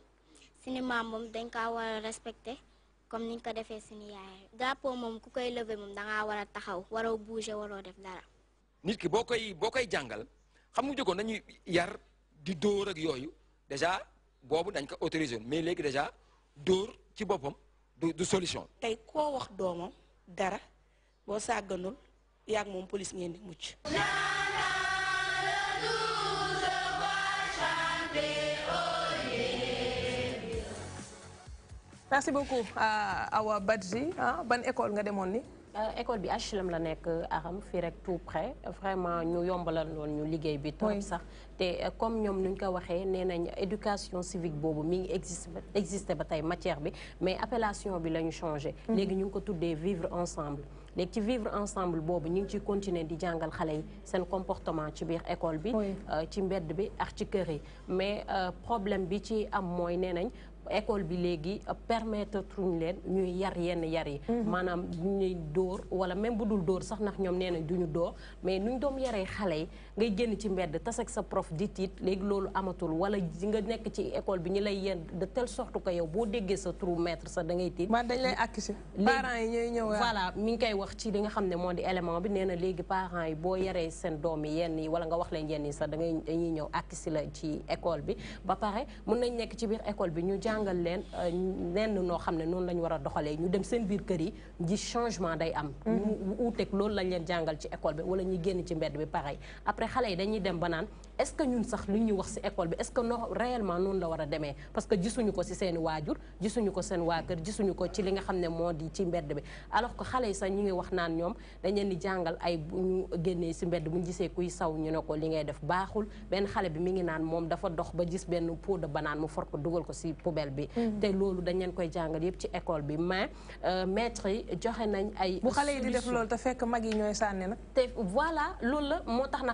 suñu maam moom dañ kaa war a respecté comme niñ ko defee suñu yaay drapeau moom ku koy lever moom dangaa war taxaw waroo bouger waroo def dara. nit ki boo koy boo koy jàngal xam nga jëkkoon dañuy yar di dóor ak yooyu déjà boobu dañ ko autorisé mais léegi déjà dóor ci boppam du du solution. tey koo wax doomam dara boo sàgganul yàgg moom police ngeen di mucc. merci beaucoup euh, Awa Badji ah, ban école nga demoon ni euh, école bi HLM la nek Aram fi rek tout près vraiment ñu yombalal noonu ñu liggéey bi trop sax te euh, comme ñom nuñ ko waxé nee nañ éducation civique bobu mi ngi existe existé ba tey matière bi mais appellation bi la ñu changé mhm. léegi ñu ko tuddé vivre ensemble légui ci vivre ensemble bobu ñu ci continuer di jàngal xalé yi sen comportement ci biir école bi ci mbedd bi ak ci kër yi mais problème bi ci am moy nee nañ école bi léegi euh, permettre tuñ leen ñuy yar yenn yar yi mhm. maanaam ñuy dóor wala même bu dul dóor sax ndax ñoom nee nañ duñu dóor mais nu ñu doom yare xale yi ngay génn ci mbedd tas ak sa prof di tiit léegi loolu amatul wala nga nekk ci école bi ñu lay yenn de tele sorte que yow boo déggee sa trou maître sa dangay ngay tiit. man dañ lay accuser parents yi ñooy ñëw voilà mi ngi koy wax ci li nga xam ne moo di élément bi nee na léegi parents yi boo yaree doom yi yenn yi wala nga wax leen yenn yi sax da dañuy ñëw accuser la ci école bi ba pare mun nañ nekk ci biir école bi ñu jàngal leen euh, nenn noo xam ne noonu lañ war a doxalee ñu dem seen biir kër yi ji changement day am. ñu mm-hmm. uuteeg loolu lañ leen jàngal ci école bi wala ñu génn ci mbedd bi pareil. après xalé dañuy dem banane est-ce que ñun sax lu ñu wax ci école bi est-ce que no réellement non la wara démé parce que gisunu ko ci seen wajur gisunu ko seen waa kër gisuñu ko ci li nga xamné modi ci mbedd bi alors que xalé sax ñi ngi wax naan ñom dañ leen di jangal ay bu ñu génnee ci mbedd bu ñu gisee kuy saw ñu nako li ngay def baaxul ben xalé bi mi ngi naan mom dafa dox ba gis ben pot de banane mu for ko duggal ko ci poubelle bi mm-hmm. té lolu dañ leen koy jangal yépp ci école bi mais euh, maître yi joxe nañ ay bu xalé yi di def lolu te fekk mag yi ñooy sànni nag te voilà lolu motax na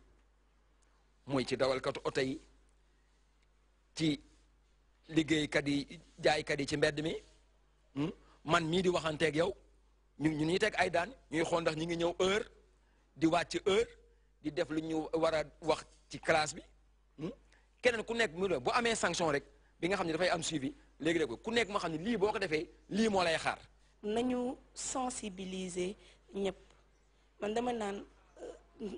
muy ci dawalkatu oto yi ci liggéeykat yi jaaykat yi ci mbedd mi hmm? man mii di waxanteeg yow ñu ñu ñuy teg ay daan ñuy xool ndax ñu ngi ñëw heure di wàcc heure di def lu ñu war a wax ci classe bi hmm? keneen ku nekk mu bu amee sanction rek bi nga xam ne dafay am suivi léegi-léegi ku nekk moo xam ne lii boo ko defee lii moo lay xaar. nañu sensibiliser ñëpp man dama naan. Euh,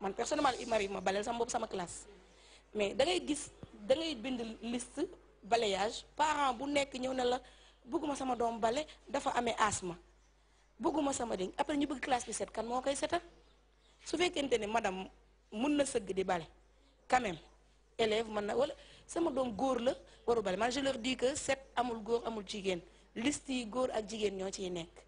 man personnellement il m'arrive ma baleel sama bopp sama classe mais da ngay gis da ngay bind list balayage parent bu nekk ñëw na la bëgguma sama doom bale dafa amee asthme bëgguma sama ding après ñu bëgg classe bi set kan moo koy setal su fekkente ne madam mun na sëgg di bale quand même man na wala sama doom góor la waru bale man je leur set amul góor amul jigéen liste yi góor ak jigéen ñoo ciy nekk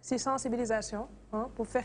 C'est sensibilisation hein, pour faire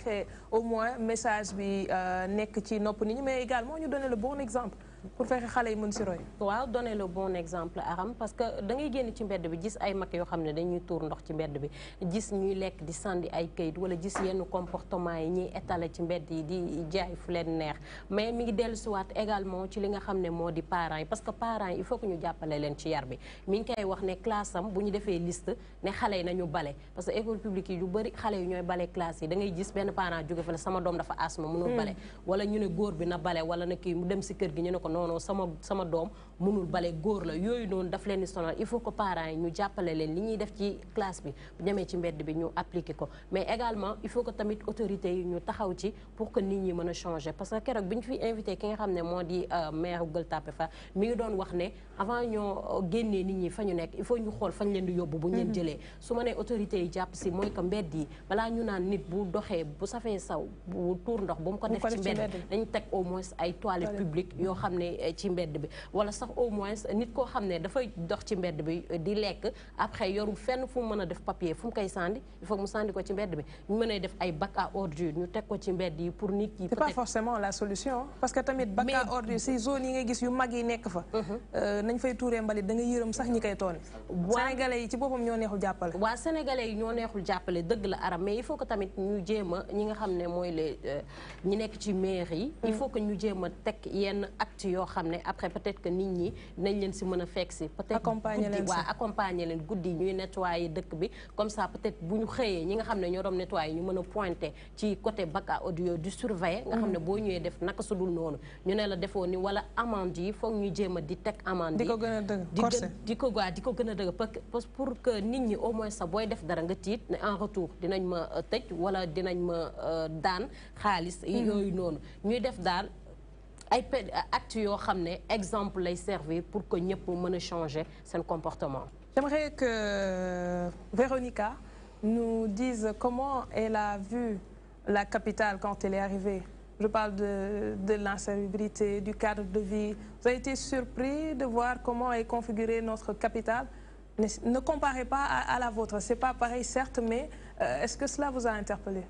au moins message bi euh, nek ci mais également nous donner le bon exemple pour fexe xale yi mën si roy. waaw donner le bon exemple Aram parce que da ngay génn ci mbedd bi gis ay mag yoo xam ne dañuy tuur ndox ci mbedd bi gis ñuy lekk di sànni ay kayit wala gis yenn comportement yi ñuy étaler ci mbedd yi di jaay fu leen neex mais mi ngi dellusiwaat également ci li nga xam ne moo di parent yi parce que parents yi il faut que ñu jàppale leen ci yar bi mi ngi koy wax ne classe am bu ñu defee liste ne xale yi nañu bale parce que école publique yi lu bëri xale yi ñooy bale classe da ngay gis benn parent jóge fa sama doom dafa asma mm. wala ñu ne góor bi na bale wala na kii mu dem si kër gi ñu ne ko noonu sama sama doom mënul balé góor la yooyu non daf leen sonal il faut que parents ñu jappalé leen li ñi def ci classe bi bu ñamee ci mbéd bi ñu appliquer ko mais également il faut que tamit autorité yi ñu taxaw ci pour que nit ñi mëna changer parce que kérok bi fi invité ki nga xamné ne moo di euh, maire Gueule Tapée mi ngi doon wax né avant ñoo euh, génné nit ñi fa ñu nekk il faut ñu xol fañ leen di yobbu bu ñu jëlé suma né autorité nee autorités yi jàpp si mooy que mbéd yi bala ñu naan nit bu doxé bu safee saw bu tour ndox bu ko def ci mbéd dañ tek au moins ay toilettes publiques yo xamné euh, ci mbéd bi wala sax au moins nit ko xamné ne dafay dox ci mbedd bi euh, di lek après yorul fenn fu mu def papier fu mu koy sànni il faut mu sandi ko ci mbedd bi ñu mën def ay bac à ordures ñu tek ko ci mbedd yi pour nit yi c'est pas forcément la solution hein, parce que tamit bac à ordures ci zone yi nga gis yu mag yi nekk fa mhm. euh, nañ fay touré mbalit da nga yërem sax ñi koy toon sénégalais yi ci boppam ñoo neexul jàppale waa sénégalais yi ñoo neexul jàppale deug la aram mais il faut que tamit ñu jéem ñi nga xamné moy mooy les euh, ñi nek ci mairie yi il mhm. faut que ñu jéem tek yenn acte yo xamné après peut-être que nit ñi nañ leen si mën a fekk si peut leen waaw accompagner leen guddi ñuy nettoyer dëkk bi comme ça peut bu ñu xëyee ñi nga xam ne ñoo doon nettoyer ñu mën a pointer ci côté bac à audio du surveiller nga xam ne mm. boo ñëwee def naka su dul noonu ñu ne la defoo ni wala amende yi foog ñu jéem a di teg amende yi di ko gën a dëgg di ko waaw di ko gën a dëgg parce que pour que nit ñi au moins sax booy def dara nga tiit ne en retour dinañ ma euh, tëj wala dinañ ma euh, daan xaalis mm. yooyu noonu ñuy def daal ay exemple qui servir pour que nous puissions changer son comportement. J'aimerais que euh, Véronica nous dise comment elle a vu la capitale quand elle est arrivée. Je parle de, de du cadre de vie. Vous avez été surpris de voir comment est configurée notre capitale. Ne, comparez pas à, la vôtre. C'est pas pareil, certes, mais euh, est-ce que cela vous a interpellé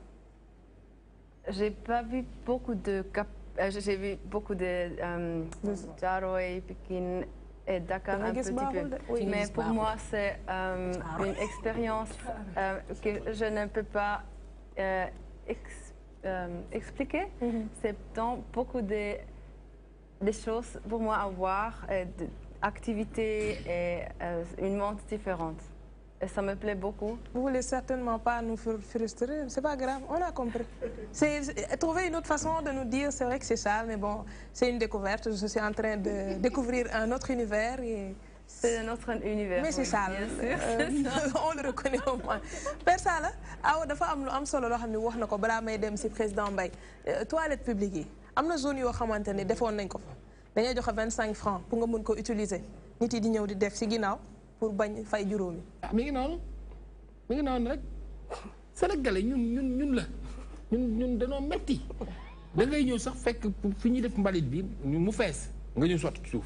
J'ai pas vu beaucoup de cap euh, j'ai vu beaucoup de um, euh, Pékin et Dakar un petit peu. Mais pour moi, c'est euh, une expérience que je ne peux pas expliquer. Mm-hmm. C'est tant beaucoup de, choses pour moi à voir, d'activités et une monde différente ça me plaît beaucoup. Vous voulez certainement pas nous frustrer, c'est pas grave, on a compris. C'est trouver une autre façon de nous dire, c'est vrai que c'est ça, mais bon, c'est une découverte, je suis en train de découvrir un autre univers C'est un autre univers. Mais c'est ça. Euh, on le reconnaît au moins. Père Sala, y dafa am lu am solo loo que ne président Mbaye euh, toilette publique y a zone yoo xamante ne nañ ko fa vingt francs pour que mun ko utiliser nit yi di pour bañ fay juróomi. ah mi ngi noonu mi ngi noonu rek sénégalais ñun ñun ñun la ñun ñun danoo metti da ñëw sax fekk fi ñu def mbalit bi mu fees nga ñu sotti suuf.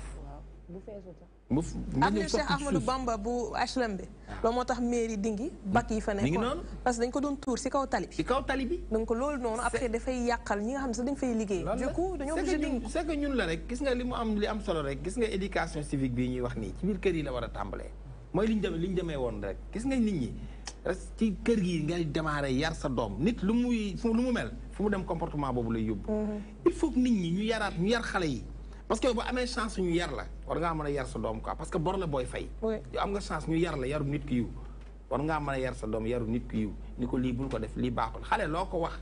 mu nga ñëw sotti suuf Cheikh Ahmadou Bamba bu HLM bi. Ah. loolu moo tax mairie dañ ko doon tuur si kaw tali bi. si kaw tali bi. donc loolu noonu après dafay yàqal ñi nga xam ne sax dañ fay liggéey. du dañoo obligé dingi ñun la rek gis nga li mu am li am solo rek gis nga éducation civique bii ñuy wax nii ci biir kër yi la war a tàmbalee. mooy liñ demee liñ demee woon rek gis nga nit ñi ci kër gi nga démarrer yar sa doom nit lu muy fu lu mu mel fu mu dem comportement boobu lay yóbbu. Mm-hmm. il faut nit ñi ñu yaraat ñu yar xale yi. parce que boo amee chance ñu yar la war ngaa mën a yar sa doom quoi parce que bor la booy fay. yow am nga chance ñu yar la yaru nit ki yiw war ngaa mën a yar sa doom yaru nit ki yiw ni ko lii bul ko def lii baaxul xale loo ko wax.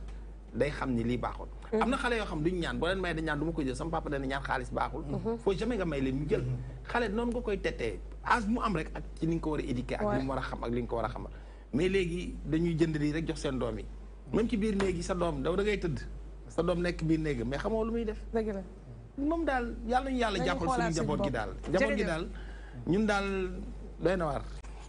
day xam ni lii baaxul mm-hmm. am na xale yoo xam duñu ñaan boo leen may dañ ñaan du ma ko jël sama papa dana ñaan xaalis baaxul mm-hmm. faut jamais nga may leen mm-hmm. koy tetee am rek ak ci ni ko war a éduquer ak war a xam ak li ko war a xamal mais léegi dañuy jënd lii rek jox seen doom yi même ci biir néegi sa doom daw da tëdd sa doom nekk biir néegam mais xamoo lu muy def dëgg moom daal yàlla ñu yàlla jàppal suñu njaboot gi daal njaboot gi daal ñun daal doy na waar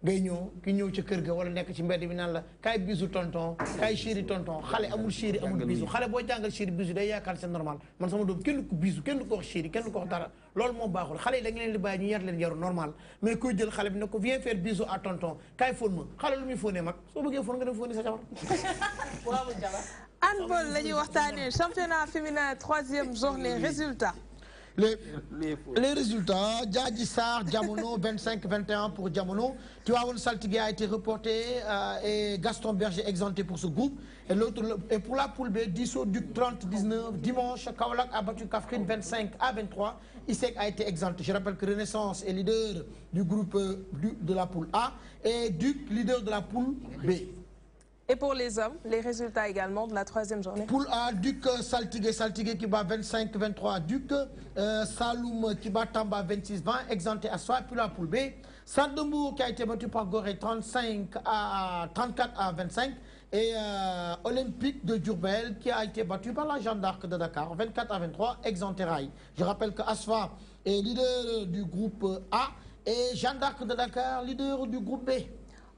ngay ñëw ki ñëw ca kër ga wala nekk ci mbedd bi naan la kaay bisu tonton kaay chéri tonton xale amul chéri amul bisu xale boo jàngal chéri bisu day yaakaar c'est normal man sama doom kenn du ko bisu kenn du ko wax chéri kenn du ko wax dara loolu moo baaxul xale yi da nga leen di ñu yar leen yaru normal mais kuy jël xale bi ne ko viens bisu à tonton kaay fóon ma xale lu muy fóonee mag soo bëggee fóon nga dem fóoni sa jabar waaw jabar handball waxtaanee les, résultats, Djadji Sar, Diamono, 25-21 pour Diamono. Tuaon Saltigue a été reporté euh, et Gaston Berger exempté pour ce groupe. Et, pour la poule B, Dissot Duc 30-19, dimanche, Kaolak a battu Kafrine 25 à 23. Issek a été exempté. Je rappelle que Renaissance est leader du groupe euh, de la poule A et Duc leader de la poule B. Et pour les hommes, les résultats également de la troisième journée. Poule A, Duc euh, Saltigué, Saltigué qui bat 25-23. Duc euh, Saloum qui bat Tamba 26-20, exempté à soi. Puis la poule B, Sandemour qui a été battu par Gorée 35 à 34 à 25. Et euh, Olympique de Durbel qui a été battu par la Jeanne d'Arc de Dakar 24 à 23, exempté rail. Je rappelle que Asfa est leader du groupe A et Jeanne d'Arc de Dakar leader du groupe B.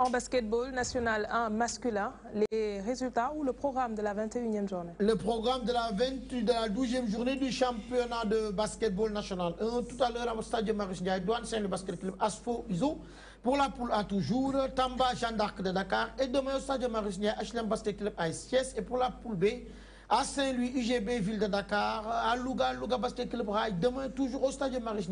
En basketball national 1 masculin, les résultats ou le programme de la 21e journée Le programme de la, de la 12e journée du championnat de basketball national 1. Tout à l'heure, au stade Marius Ndiaye, Douane Saint, le basket club Asfo Iso. Pour la poule A toujours, Tamba Jeanne d'Arc de Dakar. Et demain, au stade Marius Ndiaye, Basket Club ASTS. Et pour la poule B, à Saint-Louis, UGB, ville de Dakar. À Louga, Louga Basket Club Rai. Demain, toujours au stade Marius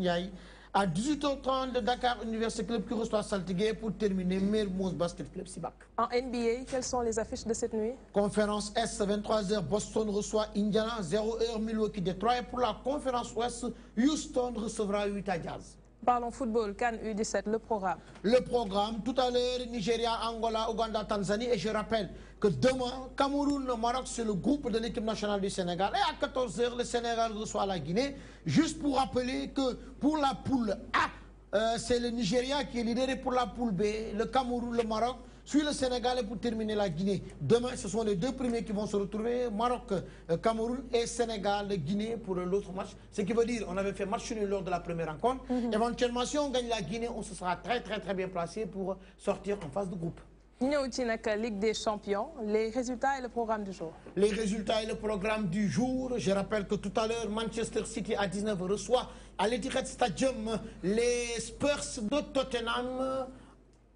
à 18h30, Dakar Université Club qui reçoit Saltigue pour terminer Mermoz Basket Club Sibac. En NBA, quelles sont les affiches de cette nuit Conférence S, 23h, Boston reçoit Indiana, 0h, Milwaukee Detroit. Pour la conférence Ouest, Houston recevra Utah Jazz. Parlons football, Cannes U17, le programme. Le programme, tout à l'heure, Nigeria, Angola, Ouganda, Tanzanie. Et je rappelle que demain, Cameroun, le Maroc, c'est le groupe de l'équipe nationale du Sénégal. Et à 14h, le Sénégal reçoit la Guinée. Juste pour rappeler que pour la poule A, euh, c'est le Nigeria qui est leader et pour la poule B, le Cameroun, le Maroc, suis le Sénégal pour terminer la Guinée. Demain, ce sont les deux premiers qui vont se retrouver. Maroc, euh, Cameroun et Sénégal, Guinée pour l'autre match. Ce qui veut dire, on avait fait marcher nul lors de la première rencontre. Mhm. Éventuellement, si on gagne la Guinée, on se sera très très très bien placé pour sortir en phase de groupe. la Ligue des champions les résultats et le programme du jour. les résultats et le programme du jour je rappelle que tout à l'heure Manchester City à 19 reçoit à l'Etihad Stadium les Spurs de Tottenham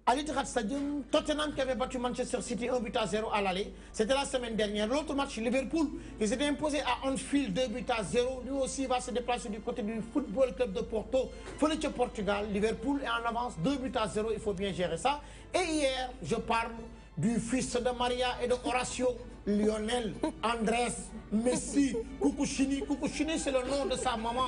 à l'Itihad Stadium, Tottenham qui avait battu Manchester City 1 but à 0 à l'aller. C'était la semaine dernière. L'autre match, Liverpool, ils s'était imposé à Anfield 2 buts à 0. Lui aussi va se déplacer du côté du Football Club de Porto, Felice Portugal. Liverpool est en avance 2 buts à 0. Il faut bien gérer ça. Et hier, je parle du fils de Maria et de Horacio. Lionel, Andrés, Messi, Kukushini. Kukushini, c'est le nom de sa maman,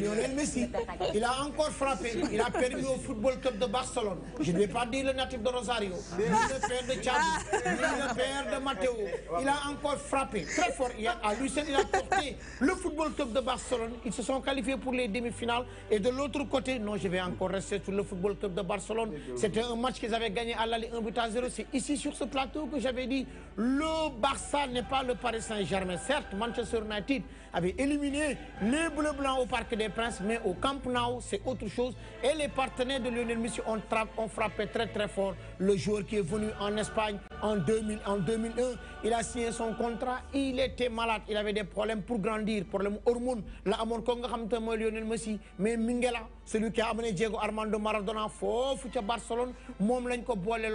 Lionel Messi. Il a encore frappé. Il a perdu au Football Club de Barcelone. Je ne vais pas dire le natif de Rosario, ni le père de Xavi, le père de Matteo. Il a encore frappé très fort. Il a, à il a porté le Football Club de Barcelone. Ils se sont qualifiés pour les demi-finales. Et de l'autre côté, non, je vais encore rester sur le Football Club de Barcelone. C'était un match qu'ils avaient gagné à l'aller 1 but à 0. C'est ici, sur ce plateau, que j'avais dit le Barça n'est pas le Paris Saint-Germain. Certes, Manchester United avait éliminé les Bleus Blancs au Parc des Princes, mais au Camp Nou, c'est autre chose. Et les partenaires de Lionel Messi ont, ont, frappé très très fort le joueur qui est venu en Espagne en, 2000, en 2001. Il a signé son contrat, il était malade, il avait des problèmes pour grandir, problèmes hormones. La amon konga xamantene Lionel Messi, mais Mingela, celui qui a amené Diego Armando Maradona fofu à Barcelone, mom lañ ko les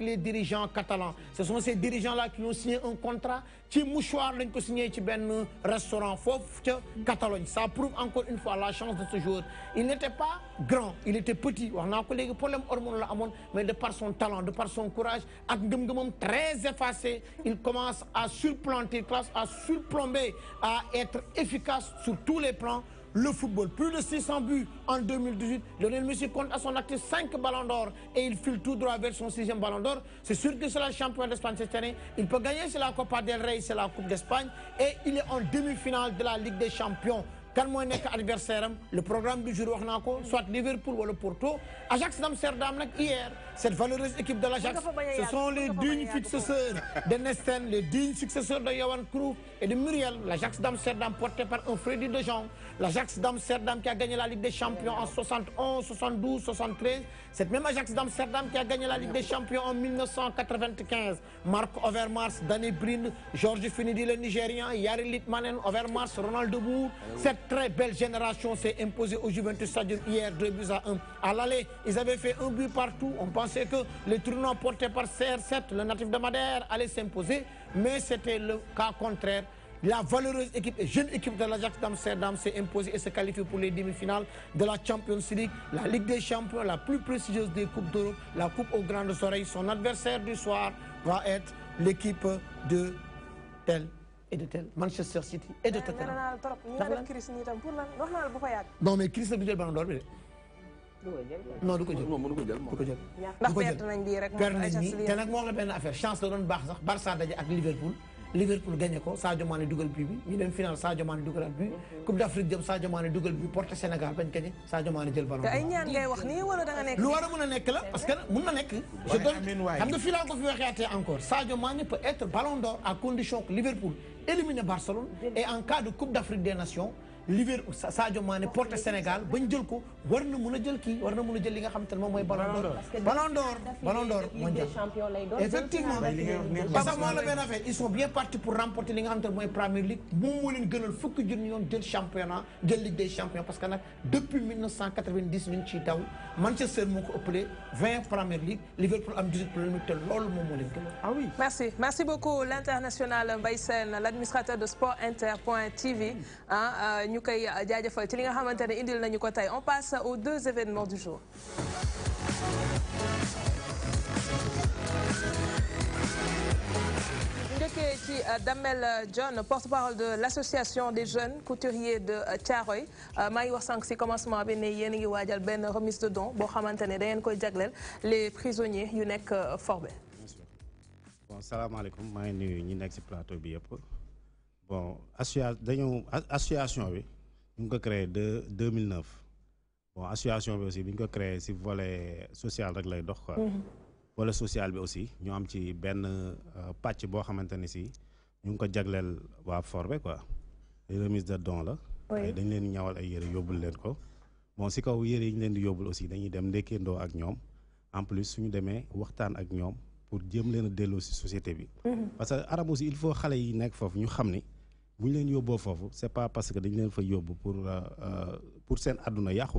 les dirigeants catalans. Ce sont ces dirigeants là qui ont signé un contrat qui mouchoir lañ signé ci ben restaurant foofu Catalogne ça prouve encore une fois la chance de ce jour. il n'était pas grand il était petit On a ko problème hormone à mais de par son talent de par son courage très effacé il commence à surplanter classe à surplomber à être efficace sur tous les plans le football. Plus de 600 buts en 2018. Lionel Messi compte à son acte 5 ballons d'or et il file tout droit vers son 6 ballon d'or. C'est sûr que c'est la champion d'Espagne cette année. Il peut gagner, c'est la Copa del Rey, c'est la Coupe d'Espagne. Et il est en demi-finale de la Ligue des Champions. Quel moi, adversaire le programme du jour soit Liverpool ou le Porto Ajax d'Amsterdam hier cette valeureuse équipe de l'Ajax, ce sont les dignes successeurs de Nesten, les dignes successeurs de Johan Cruyff et de Muriel. L'Ajax d'Amsterdam porté par un Freddy de Jong. L'Ajax d'Amsterdam qui a gagné la Ligue des Champions en 71, 72, 73. Cette même Ajax d'Amsterdam qui a gagné la Ligue des Champions en 1995. Marc Overmars, Danny Brind, Georges Finidi le Nigérian, Yari Litmanen, Overmars, Ronald debout Cette très belle génération s'est imposée au Juventus Stadium hier 2 buts à 1. À l'aller, ils avaient fait un but partout. On pense c'est que le tournoi porté par CR7, le natif de Madère, allait s'imposer, mais c'était le cas contraire. La valeureuse équipe jeune équipe de l'Ajax d'Amsterdam s'est imposée et se qualifie pour les demi-finales de la Champions League, la Ligue des Champions, la plus prestigieuse des Coupes d'Europe, la Coupe aux grandes oreilles. Son adversaire du soir va être l'équipe de Tel et de Tel, Manchester City et de Tottenham. non du ko jël non mënu ko jël du ko jël ndax perte nañ moo la benn affaire chance la doon baax sax Barça daje ak Liverpool Liverpool gagné ko Sadio Mané dugal but bi ñu dem final Sadio Mané mhm. dugal but Coupe Sénégal bañ gagné Sadio Mané jël ballon lu war a a nekk la parce que mën na nekk je donne xam condition Liverpool élimine Barcelone et en cas de d'Afrique des Nations Liverpool Sadio Mané porte Sénégal bañ jël ko war na mun a jël kii war na mun a jël li nga xam te ne moom mooy ballon d'or ballon d'or ballon d'or mondial effectivement parce que moo la benn affaire ils sont bien partis pour remporter li nga xam te ne mooy Premier League moom moo leen gënal fukki junni yoon jël championnat jël Ligue des champions parce que nag depuis 1990 ñu ngi ciy daw Manchester moo ko ëppale 20 Premier League Liverpool am 18 Premier League te loolu moom moo leen gënal ah oui merci merci beaucoup l'international Mbaye Sène l'administrateur de Sport Inter point TV ah, euh, ñu koy euh, jaajëfal ci li nga xamante ne indil nañu ko tey on passe aux deux événements du jour. njëkkee euh, Damel euh, John porte-parole de l'association des jeunes couturiers de euh, Tiaroy. Maïwa Sanksi wax si commencement bi ne a ngi remise de dons boo xamante koy les prisonniers yu nekk Forbé. bon salam maa ngi nuyu ñi si plateau bi bon association bi ñu créé de 2009 bon association bi aussi bi ko créé ci volet social rek lay dox quoi. Mhm. volet social bi aussi ñu am ci ben euh, patch bo xamanteni ci ñu ko jagleel wa Forbe quoi remise de don la. dañ leen ñawal ay yére yobul leen ko bon si kaw yére ñu leen di yobul aussi dañuy dem ndekendo ak ñom en plus suñu démé waxtaan ak ñom pour jëm leen a ci société bi. Mhm. parce que arab aussi il faut xalé yi nek fofu ñu xamni buñ bu ñu leen yóbboo foofu c'est pas parce que dañu leen fa yobbu pour euh, euh, pour sen aduna yàqu.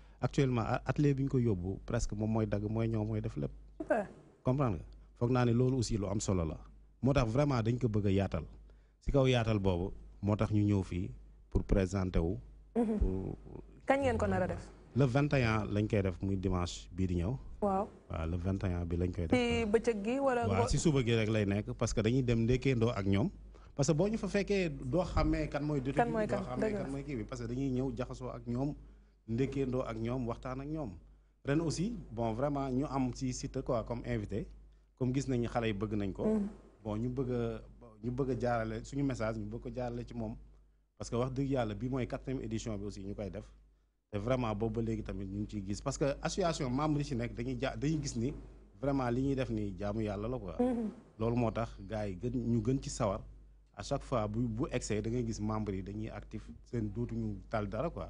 actuellement atelier bi ñu ko yóbbu presque moom mooy dagg mooy ñoom mooy def lépp. comprendre nga foog naa ne loolu aussi lu am solo la. moo tax vraiment dañ ko bëgg a yaatal si kaw yaatal boobu moo tax ñu ñëw fii pour présenter wu. Mhm. kañ ngeen lañ koy def muy dimanche bii di ñëw. waaw waaw le 21 bi lañ koy def. ci bëccëg gi wala. waaw si suba gi rek lay nekk parce que dañuy dem ndékkeendoo ak ñoom. parce que boo ñu fa fekkee doo xamee kan mooy. kan mooy kan doo xamee kan mooy kii bi parce que dañuy ñëw jaxasoo ak ñoom. ndékkeendoo ak ñoom waxtaan ak ñoom ren aussi bon vraiment ñu am si site quoi comme invité comme gis nañu xale yi bëgg nañ ko mm. bon ñu bëgg a ñu bëgg a jaarale suñu message ñu bëgg ko jaarale ci moom parce que wax dëgg yàlla bi mooy quatrième édition bi aussi ñu koy def te vraiment boobu ba léegi tamit ñu ngi ciy gis parce que association membre yi ci nekk dañuy ja dañuy gis ni vraiment li ñuy def ni jaamu yàlla la ko mm-hmm. loolu moo tax gars yi gën ñu gën ci sawar a chaque fois bu bu excès da ngay gis membre yi dañuy actif seen dootuñu tal dara quoi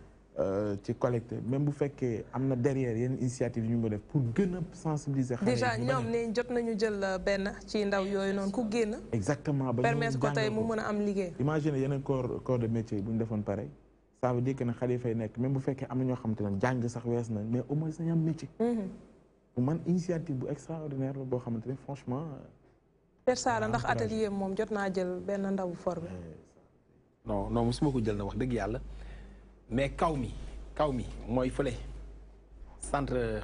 Euh, ci collecte même bu fekkee am na derrière yenn initiative yu ñu ko def pour gën a sensibiliser. xale déjà ñoom ne jot nañu jël euh, benn ci ndaw yooyu noonu ku génn. exactement ba permettre ko tey mu mën a am liggéey. imagine yeneen corps corps de métier bu ñu defoon pare ça veut dire que ne xale yi fay nekk même bu fekkee am na ñoo xamante ne jàng sax wees na mais au moins nañu am métier. bu mhm. man initiative bu extraordinaire la boo xamante ne franchement. Euh, per ndax atelier moom jot naa jël benn ndaw formé. non non mosuma ko jël na wax dëgg yàlla. mais kaw mi kaw mi mooy fële centre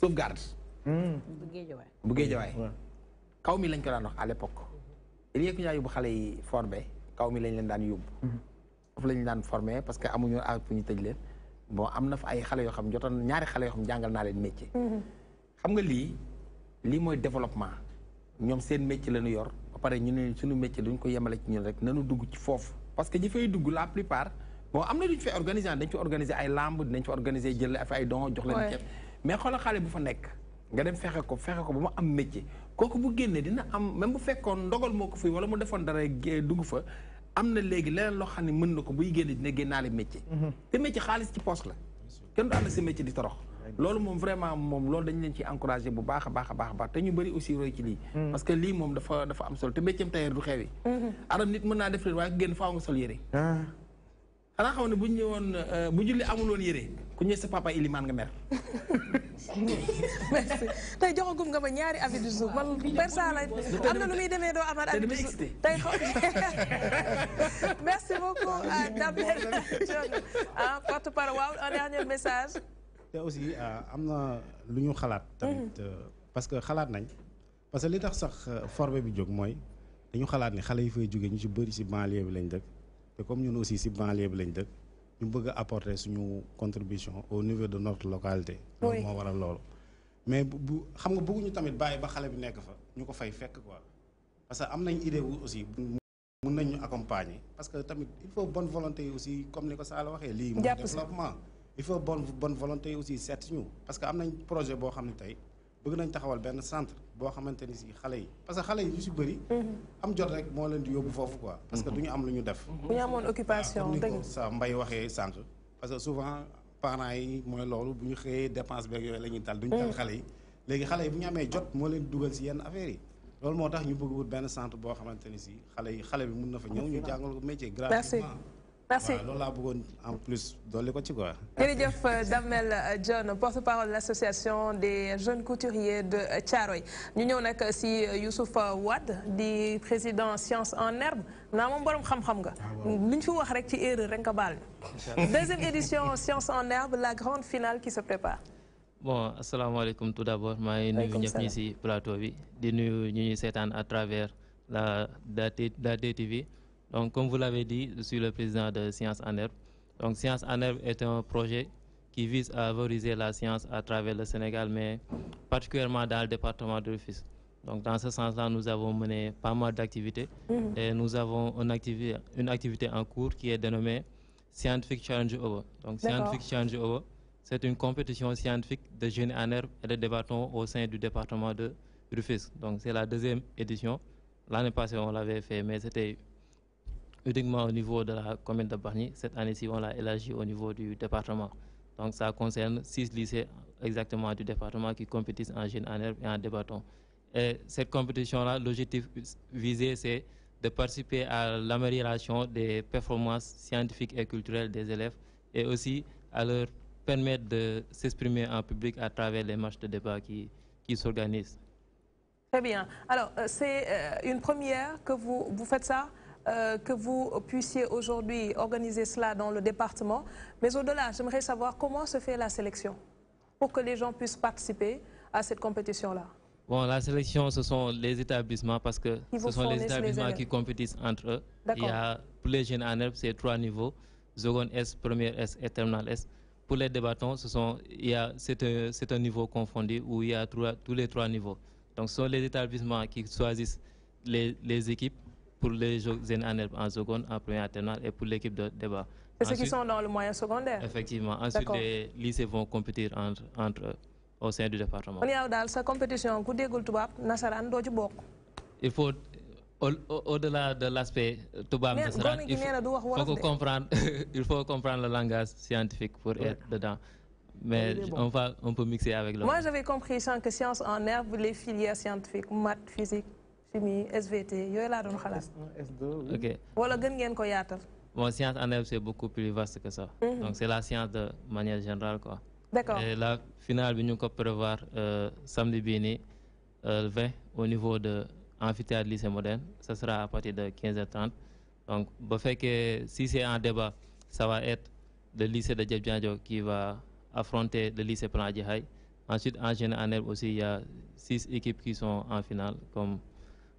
sauvegarde. bu géejawaay bu géejawaay kaw mi lañ ko daan wax à l'époque il y a yóbbu xale yi formé kaw mi lañ leen daan yóbbu. Mhm. foofu lañ daan formé parce que amuñu ak fu ñu tëj leen bon am na fa ay xale yoo xam jotoon ñaari xale yoo xam jàngal naa leen métier. Mhm. xam nga lii lii mooy développement ñoom seen métier la ñu yor ba pare ñu ne suñu métier duñ ko yemale ci ñun rek nanu dugg ci foofu parce que ñi fay dugg la plupart. bon am na lu ñu fay organiser dañ fi organiser ay lamb dinañ fi organiser jël af ay don jox leen ceeb mais xoolal xale bu fa nekk nga dem ba mu am métier kooku bu génnee dina ne mën na mhm. la kenn du ànd si métier di torox loolu moom vraiment moom loolu dañu leen a a a mhm. mhm. naa def leen waaye ko génn faaw nga sol yére ah. xanaa xaw ne bu ñu ñëwoon euh, bu julli amul yére ku ñëw sa papa ilimaan nga mer. merci tey joxagum nga ma ñaari avis du man persa la euh, ah, message. te aussi euh, am na lu ñu xalaat. tamit mm. parce que xalaat nañ parce que li tax sax forme bi jóg mooy dañu xalaat ni xale yi fay jóge ñu ci bëri si banlieue bi lañ dëkk. Et comme nous aussi si banlieue bi lañ dëkk ñu bëgg apporter suñu contribution au niveau de notre localité. loolu waral mais si xam nga bëgguñu tamit bàyyi ba xale bi nekk fa ñu fay quoi parce que am nañ idée wu aussi Nous nañ ñu accompagner parce que tamit il faut bonne volonté aussi comme ni ko Sala waxee. lii développement il faut bonne bonne volonté aussi seet ñu parce que am nañ projet boo xam ne nous bëgg nañ taxawal benn centre boo xamante ni si yi parce que xale yi ñu si bëri. am jot rek moo leen di yóbbu quoi. parce que du am lu ñu def. bu occupation dëgg ko sa mbay waxee parce que souvent parents yi mooy loolu bu ñu xëyee dépense beeg yooyu tal. du tal xale yi léegi xale yi bu ñu jot moo leen dugal si yenn affaires yi. loolu moo ñu bëgg wut benn centre boo xamante ni si yi xale bi fa ñëw ñu jàngal ko métier merci en plus dans les ci quoi. Euh, Damel euh, John porte-parole de l'association des jeunes couturiers de Tcharoy. Nous avons aussi Youssouf euh, Wade di président Sciences en Herbe Nous allons borom xam-xam nga. Ah, ñu fi wax rek ci erreur deuxième édition Sciences en Herbe la grande finale qui se prépare. bon assalamu alaikum tout d'abord Je suis nuyu ici ñi la plateau bi di nuyu à travers la la DTV. Donc, comme vous l'avez dit, je suis le président de Science en Herbe. Donc, Science en Herbe est un projet qui vise à valoriser la science à travers le Sénégal, mais particulièrement dans le département de l'Office. Donc, dans ce sens-là, nous avons mené pas mal d'activités mhm. et nous avons une, une activité en cours qui est dénommée Scientific Challenge Over. Donc, Scientific Challenge Over, c'est une compétition scientifique de jeunes en herbe et de débattons au sein du département de Rufisque. Donc, c'est la deuxième édition. L'année passée, on l'avait fait, mais c'était uniquement au niveau de la commune de Barny. Cette année-ci, on l'a élargi au niveau du département. Donc ça concerne six lycées exactement du département qui compétissent en génie en herbe et en débattant. Et cette compétition-là, l'objectif visé, c'est de participer à l'amélioration des performances scientifiques et culturelles des élèves et aussi à leur permettre de s'exprimer en public à travers les matchs de débat qui, s'organisent. Très bien. Alors, euh, c'est euh, une première que vous faites ça euh, que vous puissiez aujourd'hui organiser cela dans le département. Mais au-delà, j'aimerais savoir comment se fait la sélection pour que les gens puissent participer à cette compétition-là. Bon, la sélection, ce sont les établissements parce que ce sont les établissements qui compétissent entre eux. Il pour les jeunes en c'est trois niveaux, Second S, première S et terminale S. Pour les débattants, c'est un, niveau confondu où il y a tous les trois niveaux. Donc, ce sont les établissements qui choisissent les équipes pour les jeunes en, en seconde, en première et pour l'équipe de débat. Et ceux qui sont dans le moyen secondaire Effectivement. Ensuite, les lycées vont compétir entre, eux au sein du département. compétition, Il faut, au-delà de l'aspect euh, Toubab Nasaran, il faut, comprendre, il faut comprendre le langage scientifique pour être dedans. Mais on, va, on peut mixer avec le. Moi, j'avais compris sans que science en herbe, les filières scientifiques, maths, physique chimie SVT ok wala gën ko yaatal. bon science en c'est beaucoup plus vaste que ça. Mm-hmm. donc c'est la science de manière générale quoi. d'accord et la finale bi ñu prévoir ko prévoir euh, samedi bii euh, le 20 au niveau de amphithéâtre lycée moderne ça sera à partir de 15h30 donc ba que si c'est un débat ça va être le lycée de Diop qui va affronter le lycée Plan Jaxaay ensuite en général aussi il y a six équipes qui sont en finale comme.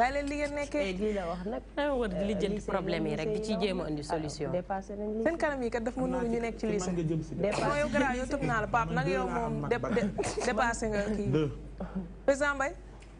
bàyyi leen li ngeen nekkee eh, lii la wax nag da war di lijjanti problème yi rek di ci jéem a indi solution ah, seen kanam yi kat daf ma nuru ñu nekk ci lii sax moo yow garaaw yow tëb naa la Pape nag yow moom dépassé nga kii président Mbaye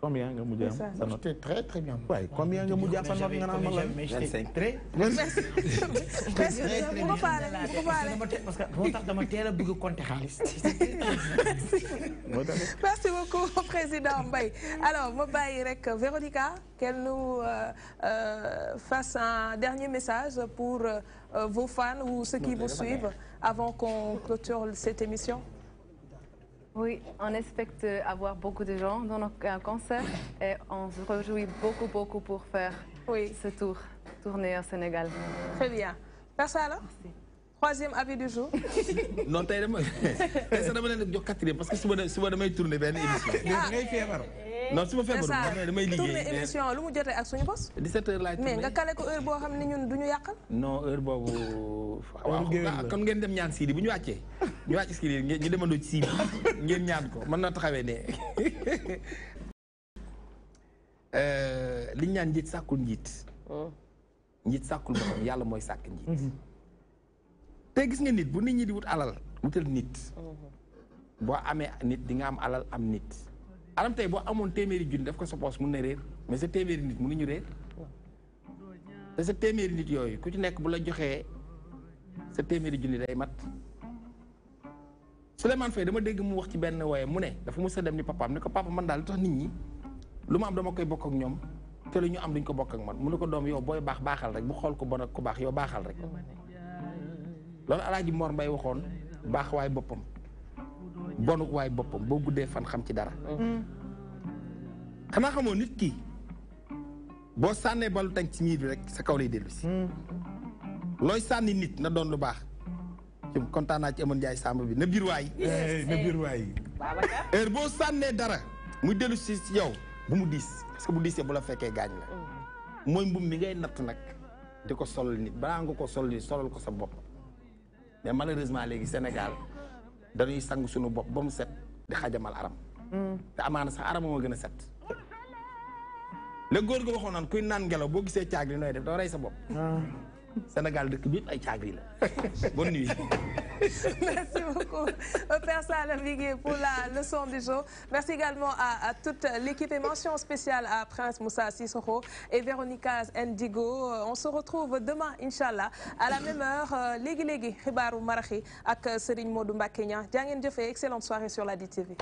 combien de mujj Ça ça très très bien. Oui, combien il a am sa note nga naan ma Pourquoi très. parce que moo Merci merci beaucoup président Mbaye alors ma Véronica qu'elle nous fasse un dernier message pour vos fans ou ceux qui vous suivent avant qu'on clôture cette émission. Oui, on expecte avoir beaucoup de gens dans nos euh, concerts et on se réjouit beaucoup, beaucoup pour faire oui. ce tour, tourner au Sénégal. Très bien. Personne alors Merci. troisième avis du jour. non tellement. dama tey sax le quatrième parce que suba suba damay tourner Il émission. ah non su ma feebarul damay liggéey tourné émission lu mu jotee ak suñu bos 17 heures laay tourné mais nga kale ko heure boo xam ne ñun duñu yàqal non heure boobu waaw kon ngeen dem ñaan Sidi bu ñu wàccee ñu wàcc Sidi ñu demandoo ci Sidi ngeen ñaan ko mën na taxawee ne liñ ñaan njiit sàkkul njiit oh. njiit sàkkul boppam yàlla mooy sàkk njiit mhm. te gis nga nit bu nit ñi di wut alal wutal nit mhm. boo amee nit di nga am alal am nit alam boo amoon téeméeri junni daf ko sa poos mun na réer mais sa téeméeri nit ñu réer te sa téeméeri nit yooyu ku ci nekk bu la joxee sa téeméeri junni day mat Souleymane Faye dama dégg mu wax ci benn wooye mu ne dafa mës sa dem ni papaam ni ko papa man daal li tax nit ñi lu ma am dama koy bokk ak ñoom te lu ñu am duñ ko bokk ak man mu ne ko doom yow booy baax baaxal rek bu xool ko bon ak ku baax yow baaxal rek loolu Alaaji Mor Mbay waxoon baax boppam bonuk waay boppam boo guddee fan xam ci dara xanaa xamoo nit kii boo sànnee balu tànk ci miir bi rek sa kaw lay dellu si looy sànni nit na doon lu baax ci kontaan naa ci amoon Njaay Samb bi na biir waay heure boo sànnee dara muy dellu si yow bu mu diis parce bu diisee bu la fekkee gaañ la mooy mbub mi ngay natt nag di ko solal nit balaa nga ko solal nit solal ko sa bopp mais léegi Sénégal dañuy sangu suñu bopp ba mu set di xajamal aram mm. te amaana sax aram moo gën a set la góor ga waxoon naan kuy naan ngelaw boo gisee caag li def doo rey sa bopp ah. Sénégal de bi et caagri bonne nuit. Merci beaucoup, Père Salam pour la leçon du jour. Merci également à, toute l'équipe et mention spéciale à Prince Moussa Sissoko et Véronica Ndigo. On se retrouve demain, Inch'Allah, à la même heure. Légui euh, Légui, Ribarou Marachi, avec Serine Modou Mbakenya. Djangin Diofé, excellente soirée sur la DTV.